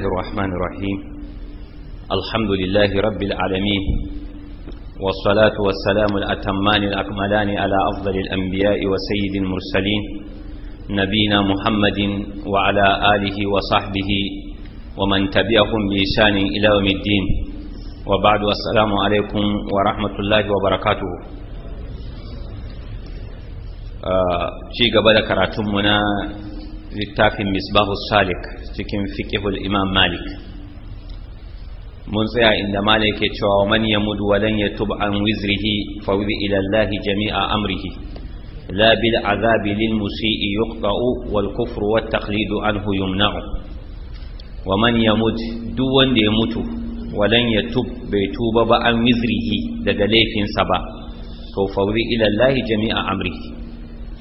الرحمن الرحيم الحمد لله رب العالمين والصلاة والسلام الأتمان الأكملان على أفضل الأنبياء وسيد المرسلين نبينا محمد وعلى آله وصحبه ومن تبعهم بإحسان إلى يوم الدين وبعد السلام عليكم ورحمة الله وبركاته آه، شيء قبل كراتمنا للتافي مصباح السالك cikin fiqhul imam malik mun tsaya inda malik ke cewa man yamudu walan yatub an wizrihi fa ila allahi jami'a amrihi la bil azabi lil musii yuqta'u wal kufru wat taqlidu anhu yumna'u wa man yamut duk wanda ya mutu walan yatub bai tuba ba an wizrihi daga laifinsa ba to fauri ila allahi jami'a amrihi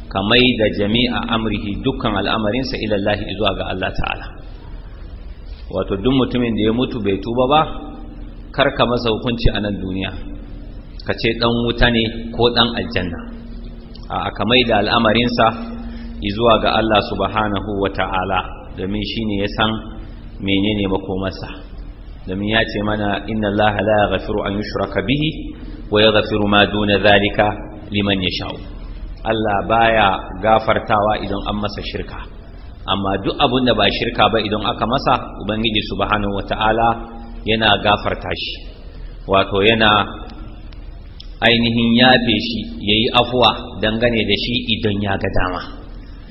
kamai da jami'a amrihi dukkan al'amarinsa ilallahi zuwa ga Allah ta'ala wato duk mutumin da ya mutu bai tuba ba kar ka masa hukunci a nan duniya ka ce dan wuta ne ko dan aljanna a kamai da al'amarinsa zuwa ga Allah subhanahu wa ta'ala domin shi ne ya san menene makomarsa domin ya ce mana inna Allah la yaghfiru an yushraka bihi wa yaghfiru ma duna zalika liman yasha'u Allah baya gafartawa idan an masa shirka amma duk abin da ba shirka ba idan aka masa ubangiji subhanahu wata'ala yana gafarta shi wato yana ainihin yafe shi yayi afuwa dangane da shi idan ya ga dama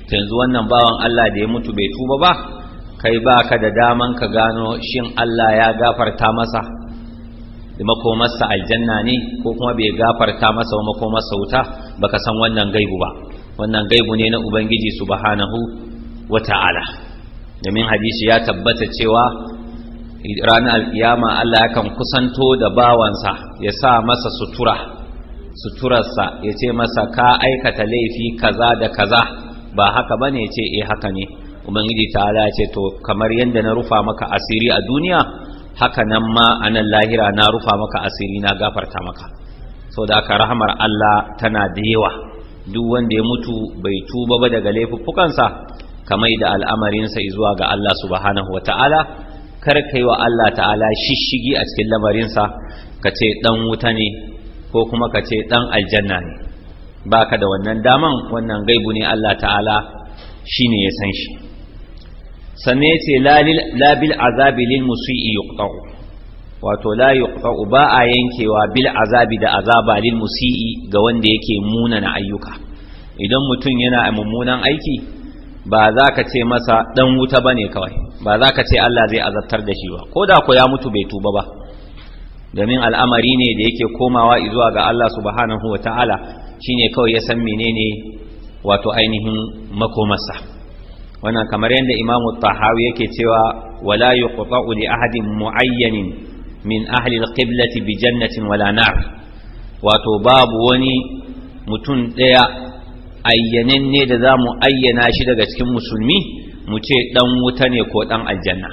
yanzu wannan bawan Allah da ya mutu bai tuba ba kai baka da daman ka gano shin Allah ya gafarta masa makomarsa aljanna ne ko kuma bai gafarta masa wa makomarsa wuta baka san wannan gaibu ba wannan gaibu ne na ubangiji subhanahu wa ta'ala domin hadisi ya tabbata cewa ranar alkiyama Allah ya kan kusanto da bawansa ya sa masa sutura suturarsa ya ce masa ka aikata laifi kaza da kaza ba haka ne ya ce eh haka ne ubangiji ta'ala ce to kamar yadda na rufa maka asiri a duniya haka nan ma a nan lahira na rufa maka asiri na gafarta maka so da aka rahamar Allah tana da yawa duk wanda ya mutu bai tuba ba daga laifuffukansa kamar da al'amarinsa zuwa ga Allah subhanahu wa ta'ala kar kai wa Allah ta'ala shishigi a cikin lamarinsa ka ce dan wuta ne ko kuma ka ce dan aljanna ne baka da wannan daman wannan gaibu ne Allah ta'ala shi ne ya san shi sannan ya ce labil azabi lil musi'i yuqta'u wato la yuqta'u ba a yankewa bil azabi da azaba lil musi'i ga wanda yake munana ayyuka idan mutum yana mummunan aiki ba za ka ce masa dan wuta bane kawai ba za ka ce Allah zai azabtar da shi ba ko da ko ya mutu bai tuba ba domin al'amari ne da yake komawa zuwa ga Allah subhanahu wa ta'ala shine kawai ya san menene wato ainihin makomarsa wannan kamar yadda imamu tahawi yake cewa wala yuqta'u li ahadin mu'ayyanin min ahli alqiblati bi jannatin wala nar wato babu wani mutum daya ayyanen ne da za mu ayyana shi daga cikin musulmi mu ce dan wuta ne ko dan aljanna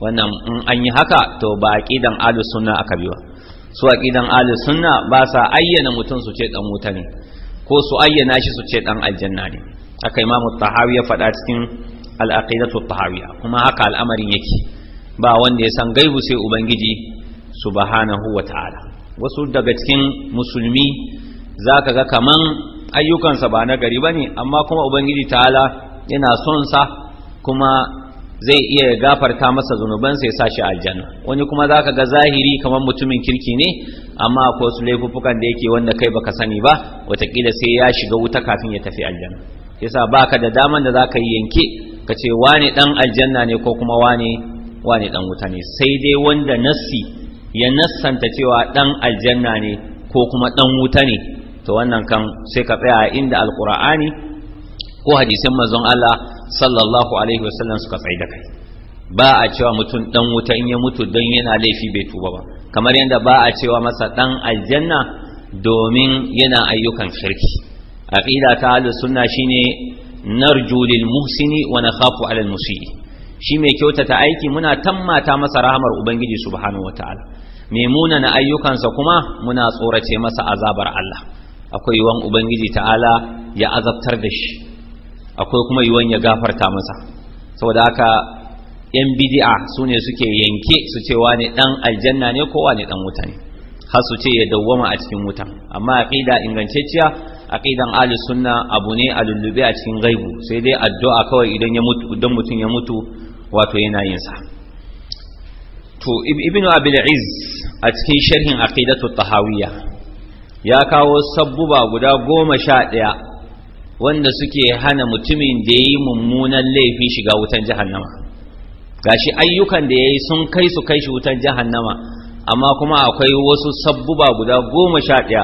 wannan in an yi haka to ba aqidan ahlus sunna aka biwa su aqidan ahlus sunna ba sa ayyana mutum su ce dan wuta ne ko su ayyana shi su ce dan aljanna ne aka imamu tahawi ya faɗa cikin al'aqidatu tahawiya kuma haka al'amarin yake ba wanda ya san gaibu sai ubangiji subhanahu wa ta'ala wasu daga cikin musulmi zaka ga kaman ayyukansa ba na gari bane amma kuma ubangiji ta'ala yana son sa kuma zai iya gafarta masa zunubansa ya sashi aljanna wani kuma zaka ga zahiri kamar mutumin kirki ne amma akwai wasu laifuffukan da yake wanda kai baka sani ba watakila sai ya shiga wuta kafin ya tafi aljanna yasa baka da daman da zaka yi yanke ka ce wane dan aljanna ne ko kuma wane wane dan wuta ne sai dai wanda nassi ya nassanta cewa dan aljanna ne ko kuma dan wuta ne to wannan kan sai ka tsaya inda alqur'ani ko hadisin manzon Allah sallallahu alaihi wasallam suka tsaye da kai ba a cewa mutum dan wuta in ya mutu dan yana laifi bai tuba ba kamar yadda ba a cewa masa dan aljanna domin yana ayyukan shirki aqida ta ahlus sunna shine narju lil muhsini wa nakhafu ala al shi mai kyautata aiki muna tammata masa rahamar ubangiji subhanahu wataala mai munana ayyukansa kuma muna tsorace masa azabar Allah akwai yiwuwan ubangiji ta'ala ya azabtar da shi akwai kuma yiwuwan ya gafarta masa saboda haka yan bid'a sune suke yanke su cewa ne dan aljanna ne kowa ne ɗan wuta ne har su ce ya dawwama a cikin wuta amma aqida ingantacciya aqidan ahli sunna abu ne a lullube a cikin gaibu sai dai addu'a kawai idan ya mutu idan mutum ya mutu wato yana yin sa to ibnu abil iz a cikin sharhin aqidatu tahawiyya ya kawo sabbuba guda goma sha ɗaya wanda suke hana mutumin da ya yi mummunan laifi shiga wutan jahannama gashi ayyukan da ya yi sun kai su kai shi wutan jahannama amma kuma akwai wasu sabbuba guda goma sha ɗaya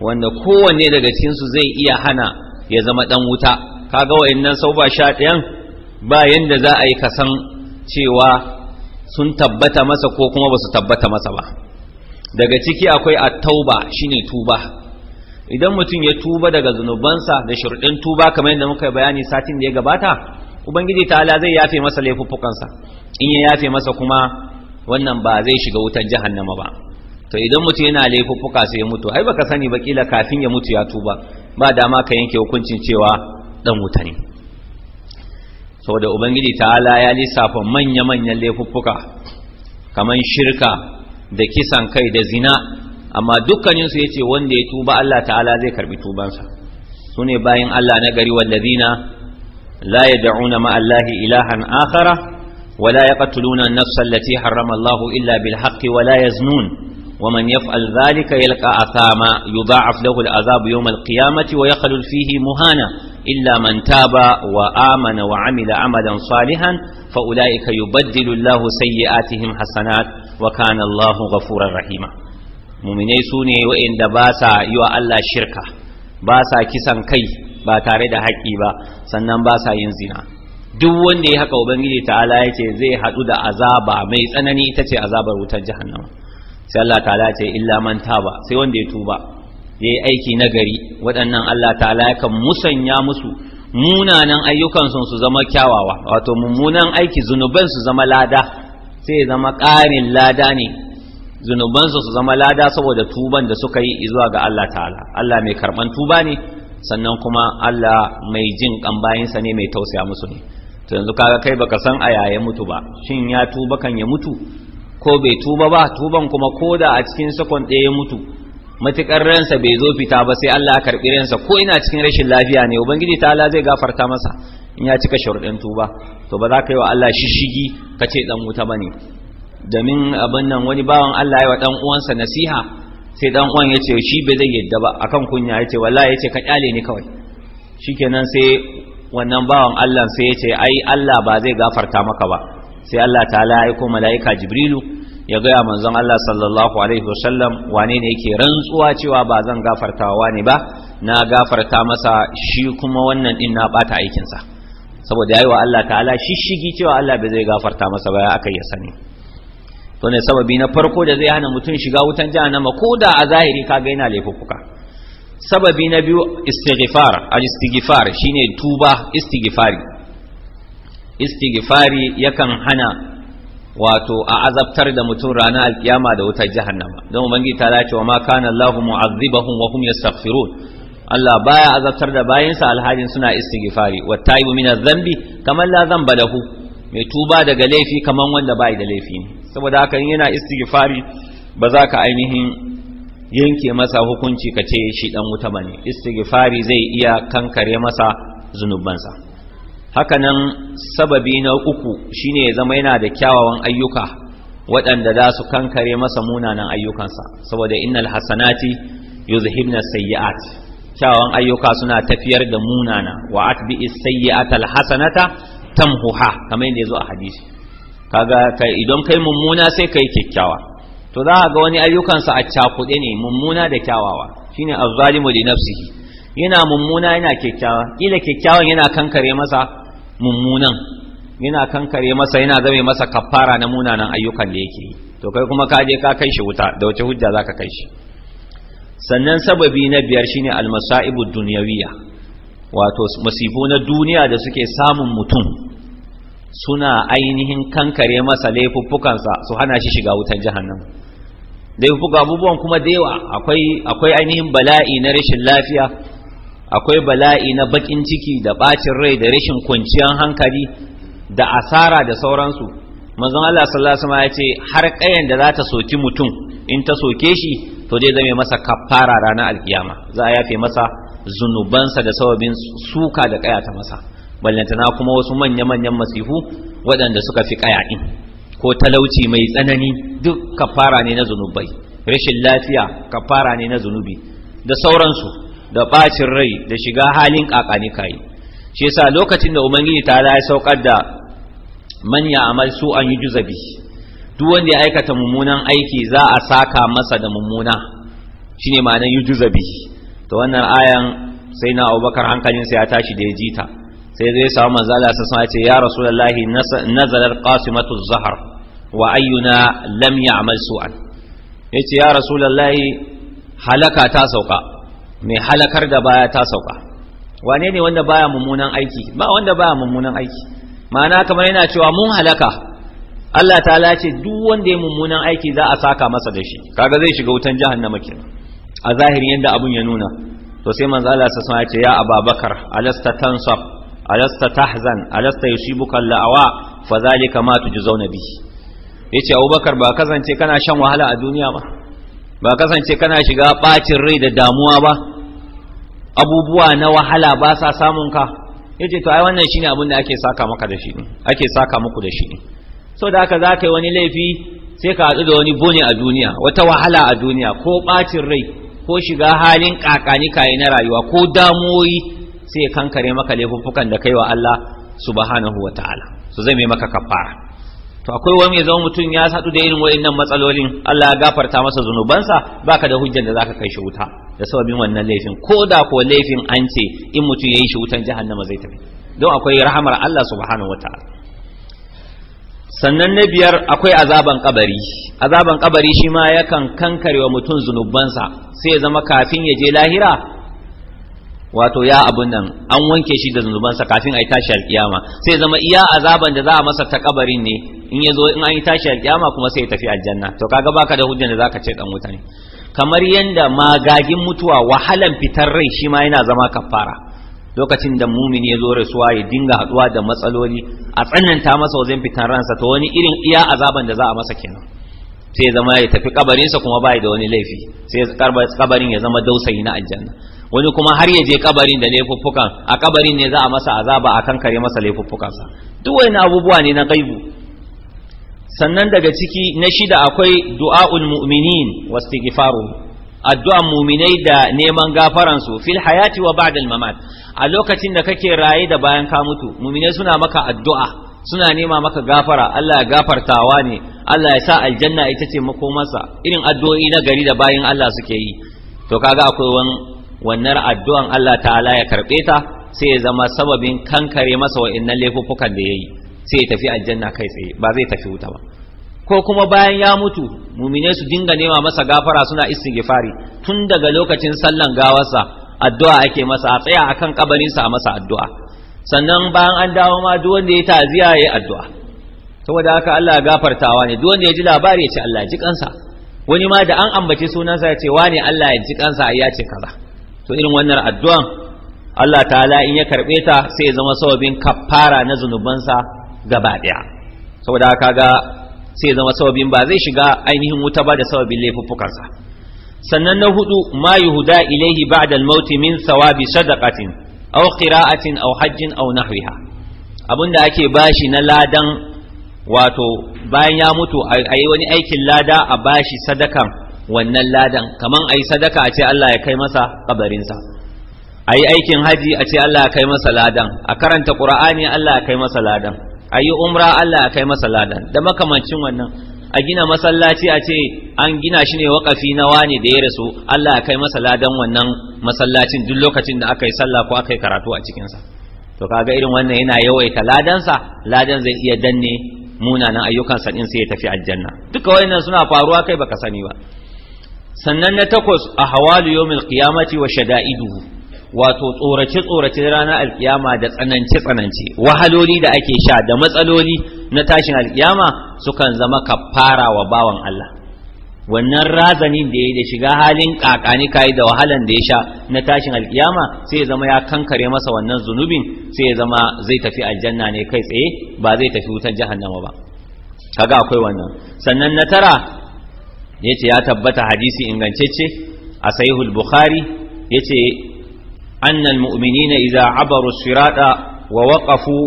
wanda kowanne daga cikinsu zai iya hana ya zama ɗan wuta kaga wa'annan sabbuba sha ɗayan ba da za a yi kasan cewa sun tabbata masa ko kuma ba su tabbata masa ba daga ciki akwai a tauba shine tuba idan mutum ya tuba daga zunubansa da shirɗin tuba kamar yadda muka bayani satin da ya gabata ubangiji ta'ala zai yafe masa laifuffukansa in ya yafe masa kuma wannan ba zai shiga wutan jahannama ba to idan mutum yana laifuffuka sai ya mutu ai baka sani ba kila kafin ya mutu ya tuba ba dama ka yanke hukuncin cewa dan wuta ne saboda ubangiji ta'ala ya lissafa manya-manyan laifuffuka kaman shirka da kisan kai da zina amma dukkaninsu ya ce wanda ya tuba Allah ta'ala zai karbi tubansa su ne bayan Allah na gari wallazina la yad'una ma'allahi ilahan akhara ولا يقتلون النفس التي حرم الله إلا بالحق ولا يزنون ومن يفعل ذلك يلقى أثاما يضاعف له العذاب يوم القيامة ويخلل فيه مهانا إلا من تاب وآمن وعمل عملا صالحا فأولئك يبدل الله سيئاتهم حسنات وكان الله غفورا رحيما مؤمني سوني وإن دباسا يوى الله شركة باسا كسا كي با تارد حقي با سنن باسا ينزنا duk wanda ya haka ubangiji ta'ala yace zai haɗu da azaba mai tsanani ita ce azabar wutar jahannama sai Allah ta'ala ce illa man taba sai wanda ya tuba ya yi aiki nagari waɗannan Allah ta'ala yakan musanya musu munanan ayyukan su zama kyawawa wato mummunan aiki zunuban su zama lada sai zama ƙarin lada ne zunuban su zama lada saboda tuban da suka yi zuwa ga Allah ta'ala Allah mai karban tuba ne sannan kuma Allah mai jin kan bayinsa ne mai tausaya musu ne yanzu kaga kai baka san a yaya mutu ba shin ya tuba kan ya mutu ko bai tuba ba tuban kuma koda a cikin sakon ɗaya ya mutu matukar ransa bai zo fita ba sai Allah ya karbi ransa ko ina cikin rashin lafiya ne ubangiji ta Allah zai gafarta masa in ya cika sharuɗin tuba to ba za ka yi wa Allah shishigi ka ce dan wuta bane domin abin nan wani bawan Allah ya wa dan uwansa nasiha sai dan uwan ya ce shi bai zai yadda ba akan kunya ya ce wallahi ya ka kyale ni kawai shikenan sai wannan bawan Allah sai ya ce ai Allah ba zai gafarta maka ba sai Allah ta'ala ya aiko mala'ika Jibrilu ya gaya manzon Allah sallallahu alaihi wasallam wane ne yake rantsuwa cewa ba zan gafarta wane ba na gafarta masa shi kuma wannan din na bata aikinsa saboda yayi wa Allah ta'ala shishigi cewa Allah bai zai gafarta masa ba ya akai ya sani to ne sababi na farko da zai hana mutum shiga wutan jahannama ko da a zahiri ka kaga yana laifuka sababi na biyu istighfar al-istighfar shine tuba istighfari istighfari yakan hana wato a azabtar da mutum ranar alkiyama da wutar jahannama don ubangiji ta dace wa ma kana Allahu mu'azzibahum wa hum yastaghfirun Allah baya azabtar da bayansa alhajin suna istighfari wa taibu min zambi kamar la zamba lahu mai tuba daga laifi kamar wanda bai da laifi ne saboda haka yana istighfari ba za ka ainihin yanke masa hukunci ka ce shi dan wuta bane istighfari zai iya kankare masa zunubansa hakanan sababi na uku shine ya zama yana da kyawawan ayyuka waɗanda za su kankare masa munanan ayyukansa saboda innal hasanati yuzhibna sayyi'at kyawawan ayyuka suna tafiyar da munana wa atbi'is sayyi'atal hasanata tamhuha kamar yanda yazo a hadisi kaga kai idan kai mummuna sai kai kyakkyawa to za a ga wani ayyukansa a cakuɗe ne mummuna da kyawawa shine azzalimu li nafsihi yana mummuna yana kyakkyawa kila kyakkyawan yana kankare masa mummunan yana kankare masa yana zame masa kaffara na munanan ayyukan da yake yi to kai kuma ka ka kai shi wuta da wace hujja zaka kai shi sannan sababi na biyar shine almasaibu dunyawiyya wato masifu na duniya da suke samun mutum suna ainihin kankare masa laifuffukansa su hana shi shiga wutan jahannama da fuka abubuwan kuma da yawa akwai akwai ainihin bala'i na rashin lafiya akwai bala'i na bakin ciki da bacin rai da rashin kwanciyar hankali da asara da sauransu manzon Allah sallallahu alaihi wasallam ya ce har kayan da za ta soki mutum in ta soke shi to zai zame masa kafara ranar alkiyama za a yafe masa zunubansa da sababin suka da kaya ta masa ballantana kuma wasu manya-manyan masifu waɗanda suka fi kaya din ko talauci mai tsanani duk kafara ne na zunubai rashin lafiya kafara ne na zunubi da sauransu da bacin rai da shiga halin kakani kai shi yasa lokacin da ubangiji ta ya saukar da manya ya amal su an yi juzabi duk wanda ya aikata mummunan aiki za a saka masa da mummuna shine ma'anar yi juzabi to wannan ayan sai na abubakar hankalinsa ya tashi da ya jita sai zai samu manzo Allah sallallahu alaihi wasallam ya rasulullahi nazalar qasimatu zahar wa ayyuna lam ya'mal su'an yace ya rasulullahi halaka ta sauka mai halakar da baya ta sauka wane ne wanda baya mummunan aiki ba wanda baya mummunan aiki ma'ana kamar yana cewa mun halaka Allah ta'ala ce duk wanda ya mummunan aiki za a saka masa da shi kaga zai shiga wutan jahannama kenan a zahirin yadda abun ya nuna to sai manzo Allah sallallahu ya ce ya Ababakar alasta tansab alasta tahzan alasta yushibuka la'awa fa zalika ma tujzauna yace Abubakar ba kasance kana shan wahala a duniya ba ba kasance kana shiga bacin rai da damuwa ba abubuwa na wahala ba sa samun ka yace to ai wannan shine abin da ake saka maka da shi ne ake saka muku da shi ne so da haka zaka yi wani laifi sai ka hadu da wani bone a duniya wata wahala a duniya ko bacin rai ko shiga halin kakani kayi na rayuwa ko damuwoyi sai ya kankare maka laifuffukan da kai wa Allah subhanahu wa ta'ala So zai mai maka kafara to akwai wani zama mutum ya sadu da irin wayannan matsalolin Allah ya gafarta masa zunubansa baka da hujjar da zaka kai shi wuta da sababin wannan laifin ko da ko laifin an ce in mutum yayi shi wutan jahannama zai tafi don akwai rahamar Allah subhanahu wa ta'ala sannan na biyar akwai azaban kabari azaban kabari shi ma yakan kankarewa mutum zunubansa sai ya zama kafin ya je lahira wato ya abun nan an wanke shi da zunubansa kafin a yi tashi alkiyama sai zama iya azaban da za a masa ta kabarin ne in ya zo in an yi tashi alkiyama kuma sai ya tafi aljanna to kaga baka da hujjan da zaka ce dan mutane kamar yanda magagin mutuwa wahalan fitar rai shi ma yana zama kafara lokacin da mumini ya zo rasuwa ya dinga haduwa da matsaloli a tsananta masa wajen fitar ransa to wani irin iya azaban da za a masa kenan sai zama ya tafi kabarinsa kuma bai da wani laifi sai kabarin ya zama dausayi na aljanna wani kuma har ya je kabarin da laifuffukan a kabarin ne za a masa azaba a kan kare masa laifuffukansa duk wani abubuwa ne na gaibu sannan daga ciki na shida akwai du'a'ul mu'minin wastighfaru addu'an mu'minai da neman gafaran su fil hayati wa ba'da al mamat a lokacin da kake raye da bayan ka mutu mu'minai suna maka addu'a suna nema maka gafara Allah ya gafartawa ne Allah ya sa aljanna ita ce makomarsa irin addu'o'i na gari da bayan Allah suke yi to kaga akwai wani wannan addu'an Allah ta'ala ya karɓe ta sai ya zama sababin kankare masa wa'innan laifukan da ya yi sai ya tafi aljanna kai tsaye ba zai tafi wuta ba ko kuma bayan ya mutu mumine su dinga nema masa gafara suna istighfari tun daga lokacin sallan gawarsa addu'a ake masa a tsaya akan kabarinsa a masa addu'a sannan bayan an dawo ma duk wanda ya taziya yayi addu'a saboda haka Allah ya gafartawa ne duk wanda ya ji labari ya ce Allah ya ji kansa wani ma da an ambaci sunansa ya ce wani Allah ya ji kansa ya ce kaza to irin wannan addu'an Allah ta'ala in ya karɓe ta sai ya zama sababin kafara na zunubansa gaba daya saboda haka ga sai ya zama sababin ba zai shiga ainihin wuta ba da sababin laifuffukansa sannan na hudu ma yuhuda ilaihi ba'da al-maut min thawabi sadaqatin aw qira'atin aw hajjin aw nahwiha abinda ake bashi na ladan wato bayan ya mutu a yi wani aikin lada a bashi sadakan wannan ladan kaman ayi sadaka a ce Allah ya kai masa kabarinsa ayi aikin haji a ce Allah ya kai masa ladan a karanta qur'ani Allah ya kai masa ladan ayi umra Allah ya kai masa ladan da makamancin wannan a gina masallaci a ce an gina shi ne wakafi na wani da ya rasu Allah ya kai masa ladan wannan masallacin duk lokacin da aka yi sallah ko aka yi karatu a cikinsa to kaga irin wannan yana yawaita ladansa ladan zai iya danne munanan ayyukansa din sai ya tafi aljanna duka wayannan suna faruwa kai baka sani ba sannan na takwas a hawa yawmil kiyamaci wa shada'iduhu wato tsorace tsorace ranar alkiyama da tsanance tsanance wahaloli da ake sha da matsaloli na tashin alkiyama sukan zama kafara wa bawan Allah wannan razanin da ya da shiga halin kakani kai da wahalan da ya sha na tashin alkiyama sai ya zama ya kankare masa wannan zunubin sai ya zama zai tafi aljanna ne kai tsaye ba zai tafi wutar jahannama ba kaga akwai wannan sannan na tara yace ya tabbata hadisi ingancacce a sahihul bukhari yace annal mu'minina idza abaru sirata wa waqafu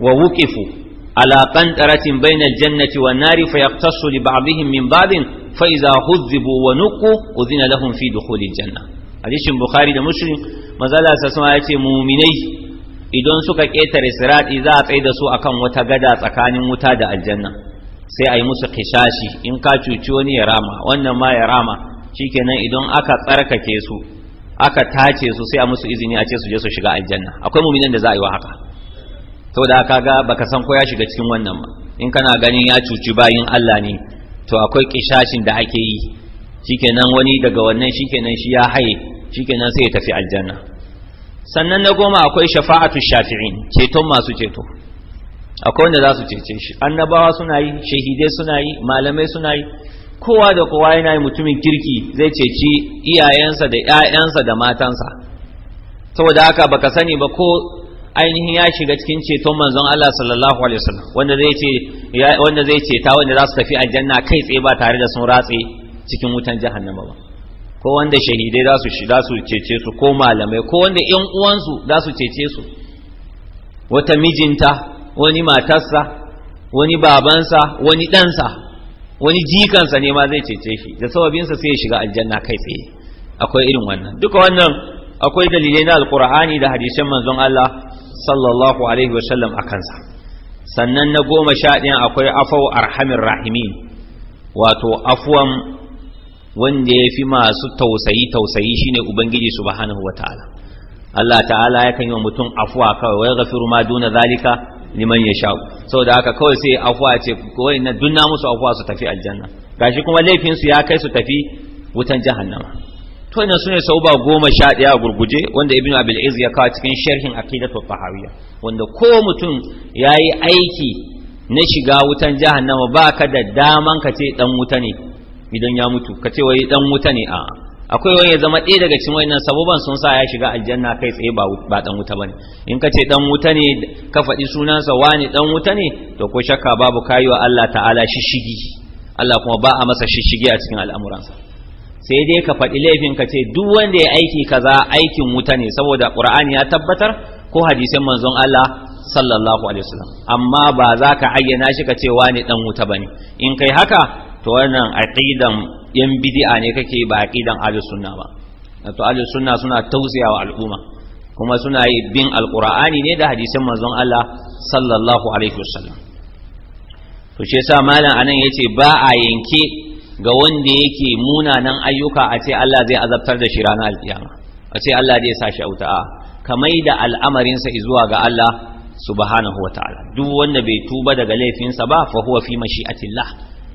wa wuqifu ala qantaratin bayna al-jannati wan nari fayaqtasu li ba'dihim min ba'din fa idza huzzibu wa nuqu udhina lahum fi dukhuli janna hadisin bukhari da muslim mazala sasuma yace mu'minai idan suka ketare sirati za a da su akan wata gada tsakanin wuta da aljanna sai a yi musu kishashi in ka cuci wani ya rama wannan ma ya rama shikenan idan aka tsarkake su aka tace su sai a musu izini a ce su je su shiga aljanna akwai mu'minin da za a yi wa haka to da ga baka san ko ya shiga cikin wannan ba in kana ganin ya cuci bayin Allah ne to akwai kishashin da ake yi shikenan wani daga wannan shikenan shi ya haye shikenan sai ya tafi aljanna sannan na goma akwai shafa'atu shafi'in ceton masu ceto akwai wanda za su cece shi annabawa suna yi shahidai suna yi malamai suna yi kowa da kowa yana yi mutumin kirki zai ceci iyayensa da ‘ya'yansa da matansa saboda haka baka sani ba ko ainihin ya shiga cikin ceton manzon Allah sallallahu alaihi wasallam wanda zai ce wanda zai ceta wanda za su tafi aljanna kai tsaye ba tare da sun ratse cikin wutan jahannama ba ko wanda shahidai za su za su cece su ko malamai ko wanda ƴan uwansu za su cece su wata mijinta wani matarsa wani babansa wani ɗansa wani jikansa ne ma zai cece shi da sababinsa sai ya shiga aljanna kai tsaye akwai irin wannan duka wannan akwai dalilai na alkur'ani da hadisan manzon Allah sallallahu alaihi wa sallam a kansa sannan na goma sha ɗayan akwai afau arhamin rahimin wato afuwan wanda ya fi masu tausayi tausayi shine ubangiji subhanahu ta'ala. Allah ta'ala yakan yi wa mutum afuwa kawai wai gafiru ma duna zalika liman ya sha'u saboda haka kawai sai afuwa ce kawai na dunna musu afuwa su tafi aljanna gashi kuma laifinsu ya kai su tafi wutan jahannama to ina sune sau ba goma sha ɗaya a gurguje wanda ibnu abil iz ya kawo cikin sharhin aqidatu fahawiya wanda ko mutum yayi aiki na shiga wutan jahannama baka da daman ka ce dan wuta ne idan ya mutu ka ce wai dan wuta ne a'a akwai wani ya zama ɗaya daga cikin nan sababan sun sa ya shiga aljanna kai tsaye ba ɗan dan wuta bane in ka ce dan wuta ne ka faɗi sunansa wani dan wuta ne to ko shakka babu kayiwa Allah ta'ala shishigi Allah kuma ba a masa shishigi a cikin al'amuransa sai dai ka faɗi laifin ka ce duk wanda ya aiki kaza aikin wuta ne saboda Qur'ani ya tabbatar ko hadisin manzon Allah sallallahu alaihi wasallam amma ba za ka ayyana shi ka ce wani dan wuta bane in kai haka to wannan aqidan yan bid'a ne kake ba aqidan ahlus sunna ba to ahlus sunna suna tausayawa al'umma kuma suna yi bin alqur'ani ne da hadisin manzon Allah sallallahu alaihi wasallam to shi yasa malam anan yace ba a yanke ga wanda yake munanan ayyuka a ce Allah zai azabtar da shi ranar alkiyama a ce Allah zai sa shi auta kamar da al'amarinsa zuwa ga Allah subhanahu wataala duk wanda bai tuba daga laifinsa ba fa huwa fi mashi'atillah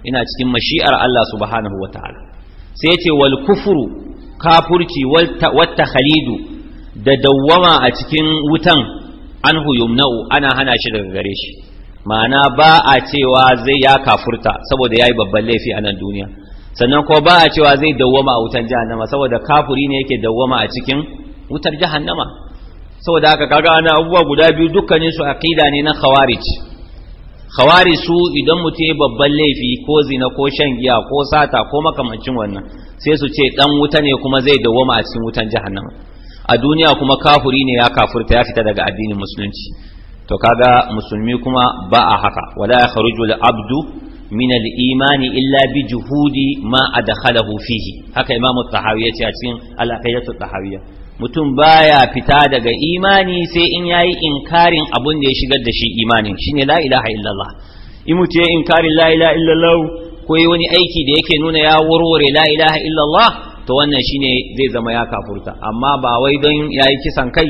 ina cikin mashi'ar Allah subhanahu wataala sai ce wal kufuru kafurci wata Khalidu da dawwama a cikin wutan anhu yumna'u ana hana shi daga gare shi ma'ana ba a cewa zai ya kafurta saboda yayi babban laifi a nan duniya sannan kuma ba a cewa zai dawwama a wutan jahannama saboda kafuri ne yake dawwama a cikin wutar jahannama saboda haka kaga ana abubuwa guda biyu dukkanin su aqida ne na khawarij khawari su idan mutum babban laifi ko zina ko shan giya ko sata ko makamancin wannan sai su ce dan wuta ne kuma zai dawwama a cikin wutan jahannama a duniya kuma kafuri ne ya kafurta ya fita daga addinin musulunci to kaga musulmi kuma ba a haka wala kharuju al-abdu min al-imani illa bi juhudi ma adkhalahu fihi haka imamu tahawi ce a cikin al-aqidatu tahawiyya mutum baya fita daga imani sai in yayi inkarin abun da ya shigar da shi imanin shine la ilaha illallah in mutum ya inkari la ilaha illallah ko yi wani aiki da yake nuna ya warware la ilaha illallah to wannan shine zai zama ya kafurta amma ba wai don yayi kisan kai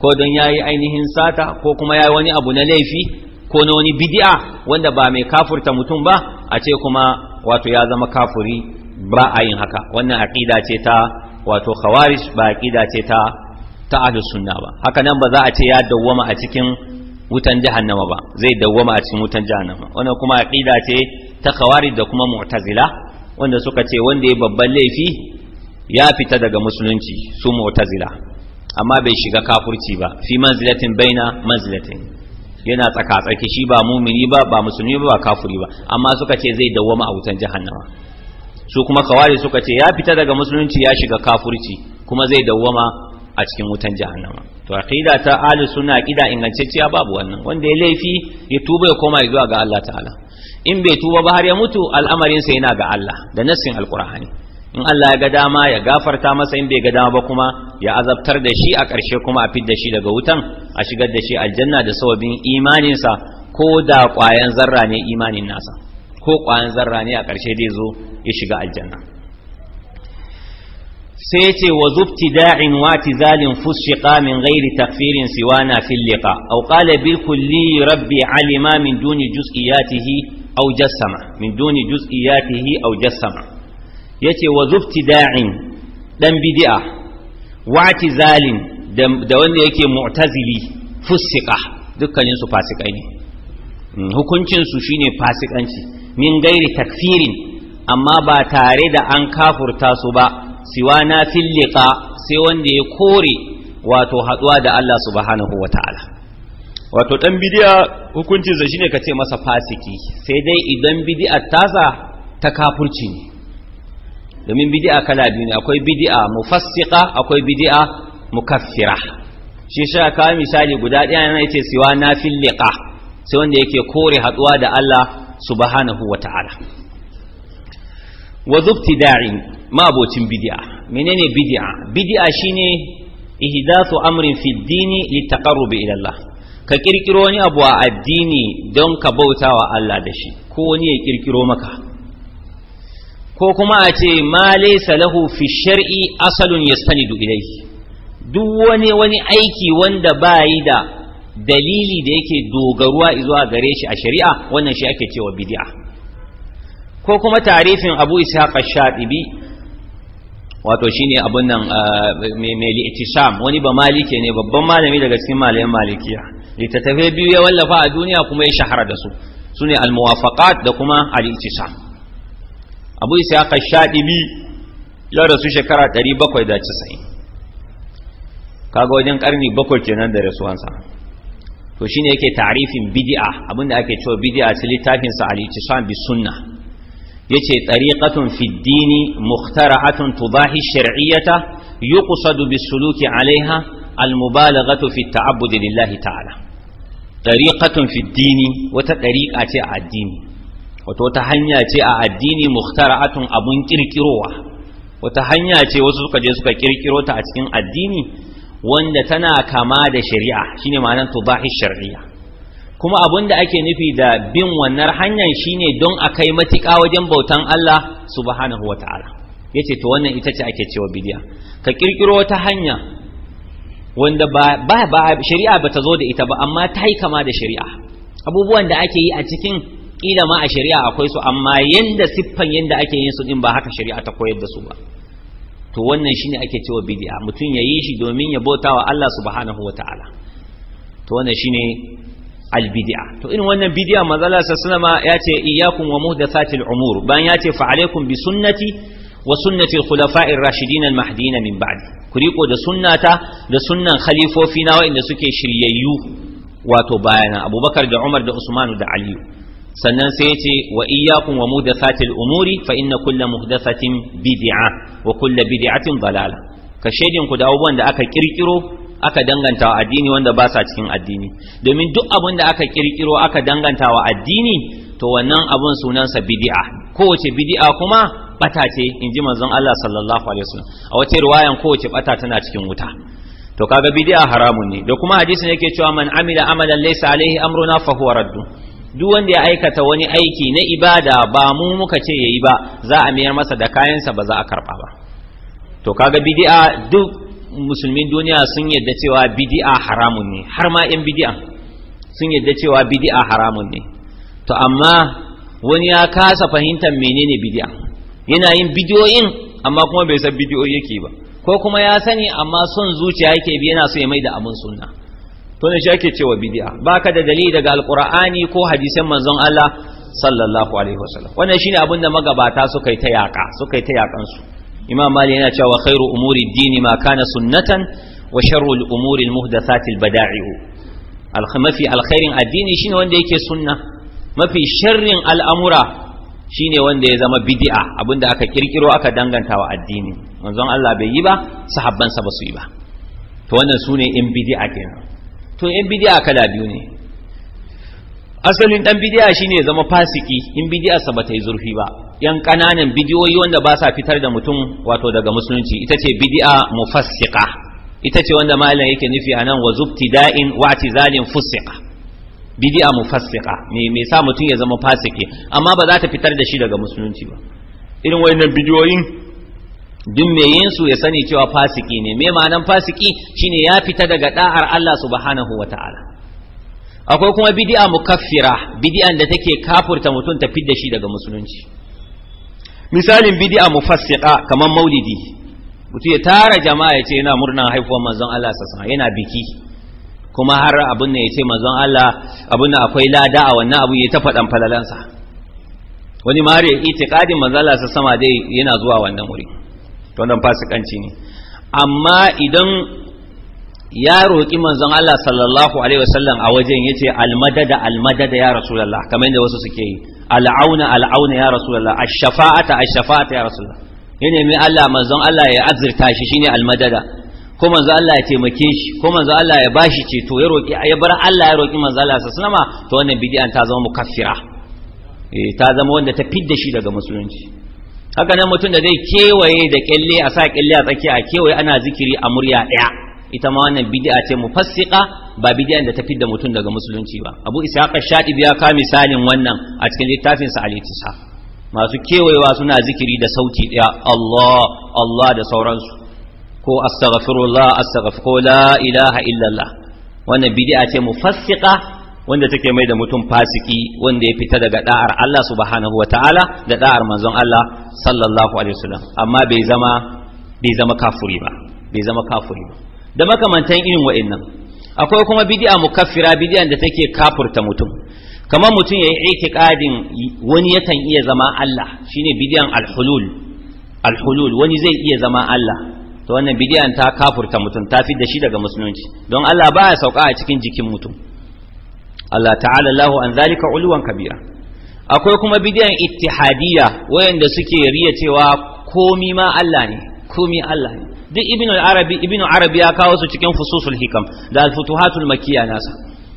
ko don yayi ainihin sata ko kuma yayi wani abu na laifi ko na wani bid'a wanda ba mai kafurta mutum ba a ce kuma wato ya zama kafuri ba a yin haka wannan aqida ce ta wato khawarij ba aqida ce ta ta ahlus sunna ba haka nan ba za a ce ya dawwama a cikin wutan jahannama ba zai dawwama a cikin wutan jahannama wannan kuma aqida ce ta khawarij da kuma mu'tazila wanda suka ce wanda ya babban laifi ya fita daga musulunci su mu'tazila amma bai shiga kafurci ba fi manzilatin baina manzilatin yana tsaka tsaki shi ba mumini ba ba musulmi ba ba kafuri ba amma suka ce zai dawwama a wutan jahannama su kuma kawari suka ce ya fita daga musulunci ya shiga kafurci kuma zai dawwama a cikin wutan jahannama to aqida ta ahli sunna aqida ingantacciya babu wannan wanda ya laifi ya tuba ya koma zuwa ga Allah ta'ala in bai tuba ba har ya mutu al'amarin sa yana ga Allah da nassin alqur'ani in Allah ya ga dama ya gafarta masa in bai ga dama ba kuma ya azabtar da shi a ƙarshe kuma a fidda shi daga wutan a shigar da shi aljanna da sawabin imaninsa ko da ƙwayan zarra ne imanin nasa ko ƙwayan zarra ne a ƙarshe dai zo ya shiga aljanna sai ya ce wa zubti da'in wati zalin fushiqa min ghairi takfirin siwana fil liqa aw qala bil kulli rabbi alima min duni juz'iyatihi aw jassama min duni juz'iyatihi aw jassama yace wa zubti da'in dan bid'a wati zalin da wanda yake mu'tazili fushiqa dukkanin su fasikai ne hmm, hukuncin su shine fasikanci min gairi takfirin amma ba tare da an kafurta su ba siwa na filika sai wanda ya kore wato haduwa da Allah subhanahu ta'ala wato dan bidiya hukuncin sa shine kace masa fasiki sai dai idan bidi'a tasa ta kafurci ne domin bidi'a kala biyu ne akwai bidi'a mufassiqa akwai bidi'a mukaffira shi sha ka misali guda ɗaya na yace siwa na filika sai wanda yake kore haduwa da Allah subhanahu wa ta'ala wa zubtida'in mabocin bid'a menene bid'a bid'a shine ihdathu amrin fi dini litaqarrubi ila Allah ka kirkiro wani abu a addini don ka bautawa Allah da shi ko wani ya kirkiro maka ko kuma a ce ma laysa lahu fi shar'i asalun yastanidu ilayhi duk wani wani aiki wanda bayi da dalili da yake dogaruwa zuwa gare shi a shari'a wannan shi ake cewa bid'a ko kuma tarifin abu ishaq ash-shatibi wato shine abun nan ah, mai li'tisam wani ba malike ne babban malami daga cikin malayan malikiya littattafai biyu ya wallafa a duniya kuma ya shahara da su sune al-muwafaqat da kuma al-i'tisam abu ishaq ash-shatibi ya rasu shekara 790 kaga wajen karni bakwai kenan da rasuwansa to ne yake tarifin bidi'a abinda ake cewa bidi'a ci littafin sa al-ittisam bi sunna yace tariqatun fi dini mukhtara'atun tudahi shar'iyyata yuqsadu bis suluki alaiha al-mubalaghatu fi at lillahi ta'ala tariqatun fi dini wata tariqa ce a addini wato wata hanya ce a addini mukhtara'atun abun kirkirowa wata hanya ce wasu suka je suka kirkiro ta a cikin addini wanda tana kama da shari'a shine ma'anar tudahi shar'iyya kuma abin da ake nufi da bin wannan hanyar shine don a kai matika wajen bautan Allah subhanahu wata'ala yace to wannan ita ce ake cewa bidiya ka kirkiro wata hanya wanda ba ba shari'a ba ta zo da ita ba amma ta yi kama da shari'a abubuwan da ake yi a cikin kila ma a shari'a akwai su amma yanda siffan yanda ake yin su din ba haka shari'a ta koyar da su ba to wannan shine ake cewa bid'a mutum ya yi shi domin ya bauta wa Allah subhanahu wataala to wannan shine albid'a to irin wannan bid'a manzala sallama ya ce iyyakum wa muhdathatil umur bayan ya ce fa alaikum bi sunnati wa sunnati al-khulafa'i ar-rashidin al-mahdin min ba'di ku riko da sunnata da sunnan khalifofi na wa'inda suke shiryayyu wato bayana abubakar da umar da usmanu da aliyu sannan sai ya ce wa iyyakum wa muhdathatil umuri fa inna kullu muhdathatin bid'a wa kullu bid'atin dalala ka shedin ku da abubuwan da aka kirkiro aka danganta wa addini wanda ba sa cikin addini domin duk abun da aka kirkiro aka danganta wa addini to wannan abun sunansa bid'a kowace bid'a kuma bata ce inji manzon Allah sallallahu alaihi wasallam a wace riwayan kowace bata tana cikin wuta to kaga bid'a haramun ne da kuma hadisin yake cewa man amila amalan laysa alaihi amruna fa huwa raddu duk wanda ya aikata wani aiki na ibada ba mu muka ce yayi ba za a mayar masa da kayansa ba za a karba ba to kaga bid'a duk musulmin duniya sun yadda cewa bid'a haramun ne har ma yan bid'a sun yadda cewa bid'a haramun ne to amma wani ya kasa fahimtar menene bid'a yana yin bidiyoyin amma kuma bai san bidiyoyi yake ba ko kuma ya sani amma son zuciya yake bi yana so ya mai da abun sunna to ne shi ake cewa bid'a baka da dalili daga alqur'ani ko hadisan manzon Allah sallallahu alaihi wasallam wannan shine abin da magabata suka yi ta yaka suka yi ta yakan su imam mali yana cewa khairu umuri dini ma kana sunnatan wa sharru al umuri al muhdathati al bada'i'u al mafi al khairin addini shine wanda yake sunna mafi sharrin al'amura shine wanda ya zama bid'a abinda aka kirkiro aka danganta wa addini manzon Allah bai yi ba sahabbansa ba su yi ba to wannan sune in bid'a kenan to yan bidi'a kala biyu ne asalin dan bidiya shine zama fasiki in bidiya sa bata yi zurfi ba yan kananan bidiyoyi wanda ba sa fitar da mutum wato daga musulunci ita ce bidiya mufassiqa ita ce wanda malam yake nufi anan wa zubtida'in wa tizalin fusiqa bidi'a mufassiqa me me sa mutum ya zama fasiki amma ba za ta fitar da shi daga musulunci ba irin wayannan bidiyoyin duk mai yin ya sani cewa fasiki ne me ma'anan fasiki shine ya fita daga da'ar Allah subhanahu ta'ala. akwai kuma bid'a mukaffira bid'an da take kafurta mutum ta fidda shi daga musulunci misalin bid'a mufassiqa kamar maulidi mutum ya tara jama'a ya ce yana murna haifuwar manzon Allah sassa yana biki kuma har abun ne ya ce manzon Allah abun nan akwai lada a wannan abu ya ta faɗan falalansa wani mare itikadin manzon Allah sama dai yana zuwa wannan wurin to wannan fasikanci ne amma idan ya roƙi manzon Allah sallallahu alaihi wasallam a wajen yace almadada almadada ya rasulullah kamar yadda wasu suke yi al'auna al'auna ya rasulullah ash-shafa'ata ash-shafa'ata ya rasulullah ya mai Allah manzon Allah ya azurta shi shine almadada ko manzo Allah ya taimake shi ko manzo Allah ya bashi ceto ya roki ya bar Allah ya roki manzo Allah sallallahu alaihi wasallam to wannan bid'a ta zama mukaffira eh ta zama wanda ta fidda shi daga musulunci haka nan mutum da zai kewaye da kyalle a sa kyalle a tsakiya a kewaye ana zikiri a murya ɗaya ita ma wannan bid'a ce mufassiqa ba bid'a da ta fidda mutum daga musulunci ba Abu Ishaq Shadib ya ka misalin wannan a cikin littafin sa al masu kewayewa suna zikiri da sauti ɗaya Allah Allah da sauransu ko astaghfirullah astaghfir ko la ilaha illallah wannan bid'a ce mufassiqa wanda take mai da mutum fasiki wanda ya fita daga da'ar Allah subhanahu wataala da da'ar manzon Allah sallallahu alaihi wasallam amma bai zama bai zama kafuri ba bai zama kafuri ba da makamantan irin wa'annan akwai kuma bid'a mukaffira bid'a da take kafurta mutum kamar mutum ya yi itikadin wani yakan iya zama Allah shine bid'an al-hulul al-hulul wani zai iya zama Allah to wannan bidiyan ta kafurta mutum ta fi da shi daga musulunci don Allah baya sauka a cikin jikin mutum Allah ta'ala lahu an zalika uluwan kabira akwai kuma bidiyan ittihadiyya wayanda suke riya cewa komi ma Allah ne komi Allah ne duk ibnu arabi ibnu arabi ya kawo su cikin fususul hikam da al-futuhatul makiyya nasa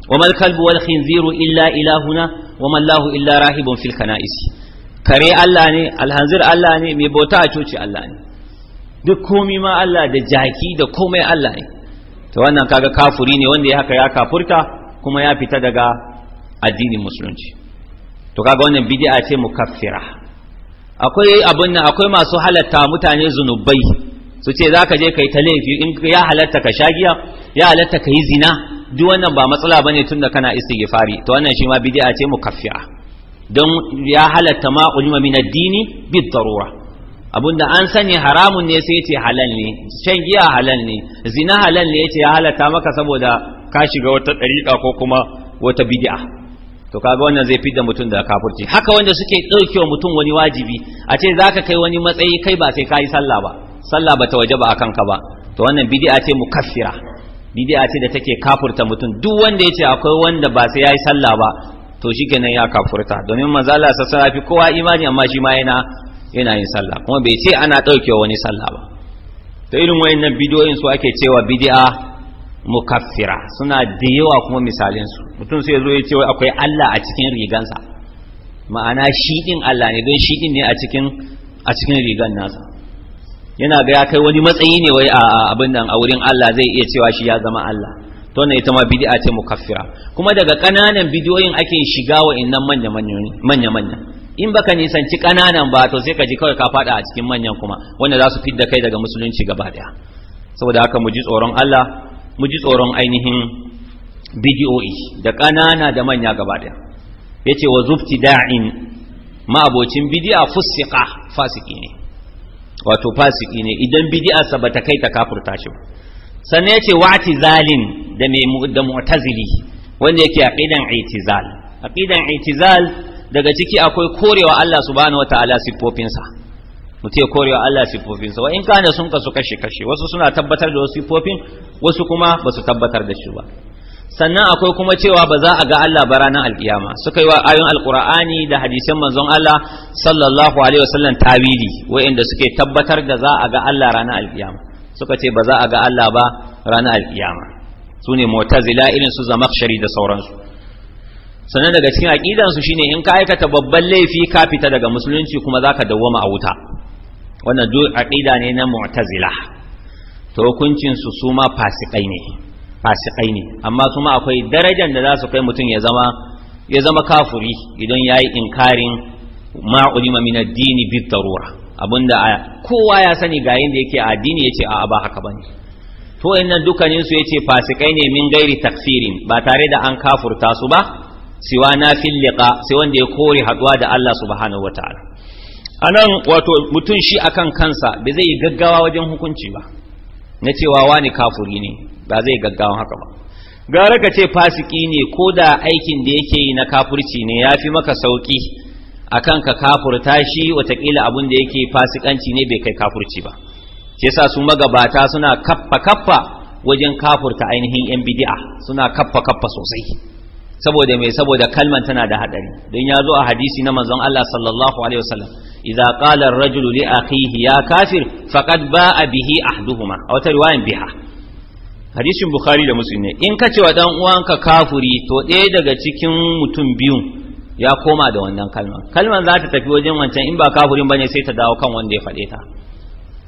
وما الكلب illa إلا إلهنا وما الله إلا راهب في الكنائس kare Allah ne alhanzir Allah ne mai bauta a coci Allah ne duk komi ma Allah da jaki da komai Allah ne to wannan kaga kafuri ne wanda ya haka ya kafurta kuma ya fita daga addinin musulunci to kaga wannan bid'a ce mukaffira akwai abun nan akwai masu halatta mutane zunubai su ce zaka je kai ta laifi in ya halatta ka shagiya ya halatta ka yi zina duk wannan ba matsala bane tunda kana istighfari to wannan shi ma bid'a ce mukaffira don ya halatta ma ulima min addini bi darura abunda an sani haramun ne sai yace halal ne shan giya halal ne zina halal ne yace ya halatta maka saboda ka shiga wata ɗariƙa ko kuma wata bid'a to kaga wannan zai fidda mutum da kafirci haka wanda suke ɗaukewa mutum wani wajibi a ce zaka kai wani matsayi kai ba sai kayi sallah ba sallah bata wajaba akan ka ba to wannan bid'a ce mukaffira bid'a ce da take kafurta mutum duk wanda ya ce akwai wanda ba sai yayi sallah ba to shi kenan ya kafurta domin manzo Allah sallallahu alaihi kowa imani amma shi ma yana yana yin sallah kuma bai ce ana ɗaukewa wani sallah ba to irin wayannan bidiyoyin su ake cewa bid'a mukaffira suna da yawa kuma misalinsu mutum sai zo ya ce akwai Allah a cikin rigansa ma'ana shi din Allah ne don shi din ne a cikin a cikin rigan nasa yana ga ya kai wani matsayi ne wai a abin nan a wurin Allah zai iya cewa shi ya zama Allah to ne ita ma bid'a ce mukaffira kuma daga kananan bidiyoyin ake shiga wa innan manya manya manya in baka nisanci kananan ba to sai ka ji kawai ka fada a cikin manyan kuma wanda za su fidda kai daga musulunci gaba daya saboda haka mu ji tsoron Allah mu ji tsoron ainihin bidiyoyi da ƙanana da manya gaba ɗaya ya ce wa zufti da'in ma'abocin bidiya fusiƙa fasiki ne wato fasiki ne idan bidiyarsa ba ta kai ta kafurta shi sannan ya ce wa'ati zalin da mu'tazili wanda yake aqidan itizal aqidan itizal daga ciki akwai korewa Allah subhanahu wataala siffofinsa mutum ya kore wa Allah sifofinsa wa in kana sun kasu kashe kashe wasu suna tabbatar da wasu sifofin wasu kuma basu tabbatar da shi ba sannan akwai kuma cewa ba za a ga Allah ba ranar alkiyama suka yi wa ayoyin alkur'ani da hadisan manzon Allah sallallahu alaihi wasallam tawili wa'inda suke tabbatar da za a ga Allah ranar alkiyama suka ce ba za a ga Allah ba ranar alkiyama su ne mu'tazila irin su zamakshari da sauransu sannan daga cikin aqidansu shine in ka aikata babban laifi ka fita daga musulunci kuma za ka dawwama a wuta wannan duk aqida ne na mu'tazila to hukuncin su su ma fasikai ne fasikai ne amma su ma akwai darajar da za su kai mutum ya zama ya zama kafuri idan yayi inkarin ma ulima min ad-dini bi darura abinda kowa ya sani ga yanda yake addini yace a ba haka bane to wayannan dukanin su yace fasikai ne min gairi takfirin ba tare da an kafurta su ba siwa na fillika liqa sai wanda ya kore haduwa da Allah subhanahu wataala anan wato mutum shi akan kansa ba zai yi gaggawa wajen hukunci ba na cewa wani kafuri ne ba zai gaggawa haka ba gara ka ce fasiki ne ko da aikin da yake yi na kafurci ne ya fi maka sauki akan ka kafurta shi watakila abin da yake fasikanci ne bai kai kafurci ba shi sa su magabata suna kaffa kaffa wajen kafurta ainihin yan bid'a suna kaffa kaffa sosai saboda mai saboda kalman tana da hadari don ya zo a hadisi na manzon Allah sallallahu alaihi wasallam Iza qala rajululi rajulu li akhihi ya kafir faqad ba'a bihi a ahduhuma a wata riwayan biha hadisin bukhari da muslim ne in ka ce wa dan uwanka kafuri to ɗaya daga cikin mutum biyun ya koma da wannan kalman kalman za ta tafi wajen wancan in ba kafurin bane sai ta dawo kan wanda ya faɗe ta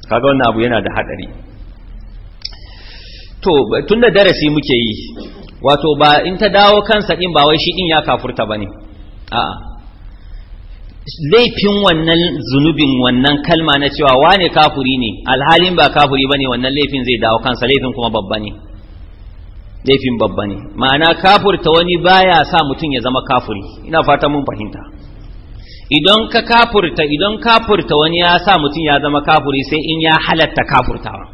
kaga wannan abu yana da hadari to tunda darasi muke yi wato ba in ta dawo kansa din ba wai shi din ya kafurta bane a'a laifin wannan zunubin wannan kalma na cewa wane kafuri ne alhalin ba kafuri bane wannan laifin zai dawo kansa laifin kuma babba ne laifin babba ne ma'ana kafurta wani baya sa mutum ya zama kafuri ina fata mun fahimta idan ka kafurta idan kafurta wani ya sa mutum ya zama kafuri sai in ya halatta kafurtawa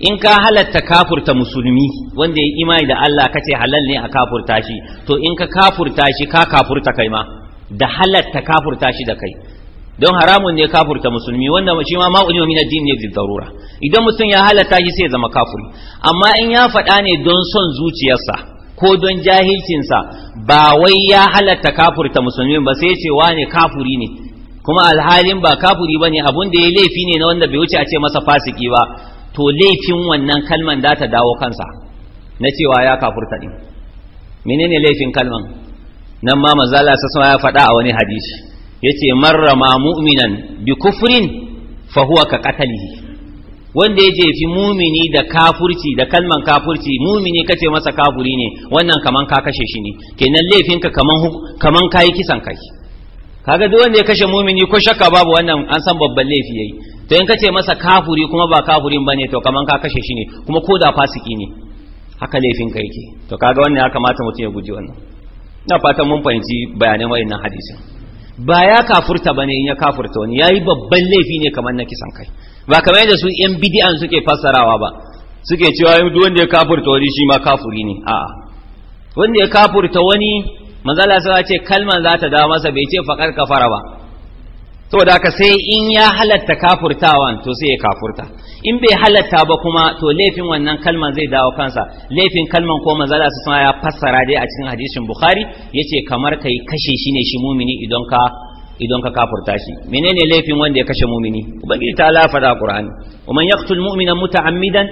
in ka halatta kafurta musulmi wanda ya imani da Allah kace halal ne a kafurta shi to in ka kafurta shi ka kafurta kai ma da halatta kafurta shi da kai don haramun ne kafurta musulmi wanda shi ma ma'ulima min addini ne darura idan mutum ya halatta shi sai ya zama kafuri amma in ya faɗa ne don son zuciyarsa ko don jahilcinsa ba wai ya halatta kafurta musulmi ba sai ce wane kafuri ne kuma alhalin ba kafuri ne abun da ya laifi ne na wanda bai wuce a ce masa fasiki ba to laifin wannan kalman za ta dawo kansa na cewa ya kafurta din menene laifin kalman nan ma manzo Allah sai ya faɗa a wani hadisi yace marrama mu'minan bi kufrin fa huwa ka qatalihi wanda ya jefi mumini da kafurci da kalman kafurci mumini kace masa kafuri ne wannan kaman ka kashe shi ne kenan laifinka kaman kaman kai kisan kai kaga duk wanda ya kashe mumini ko shakka babu wannan an san babban laifi yayi to in kace masa kafuri kuma ba kafurin bane to kaman ka kashe shi ne kuma ko da fasiki ne haka laifin ka yake to kaga wannan ya kamata mutum ya guji wannan na fatan mun fahimci bayanan wayannan hadisin ba ya kafurta ba ne in ya kafurta wani ya yi babban laifi ne kamar na kisan kai ba kamar yadda su yan bidi'an suke fassarawa ba suke cewa duk wanda ya kafurta wani shi ma kafuri ne a'a wanda ya kafurta wani manzala sai ce kalman za ta dawo masa bai ce faqar kafara ba da ka sai in ya halatta kafurtawan to sai ya kafurta in bai halatta ba kuma to laifin wannan kalman zai dawo kansa laifin kalman ko manzala su ya fassara dai a cikin hadisin bukhari yace kamar kai kashe shi ne shi mumini idan ka idan ka kafurta shi menene laifin wanda ya kashe mumini ubangiji ta lafa da qur'ani ومن يقتل مؤمنا متعمدا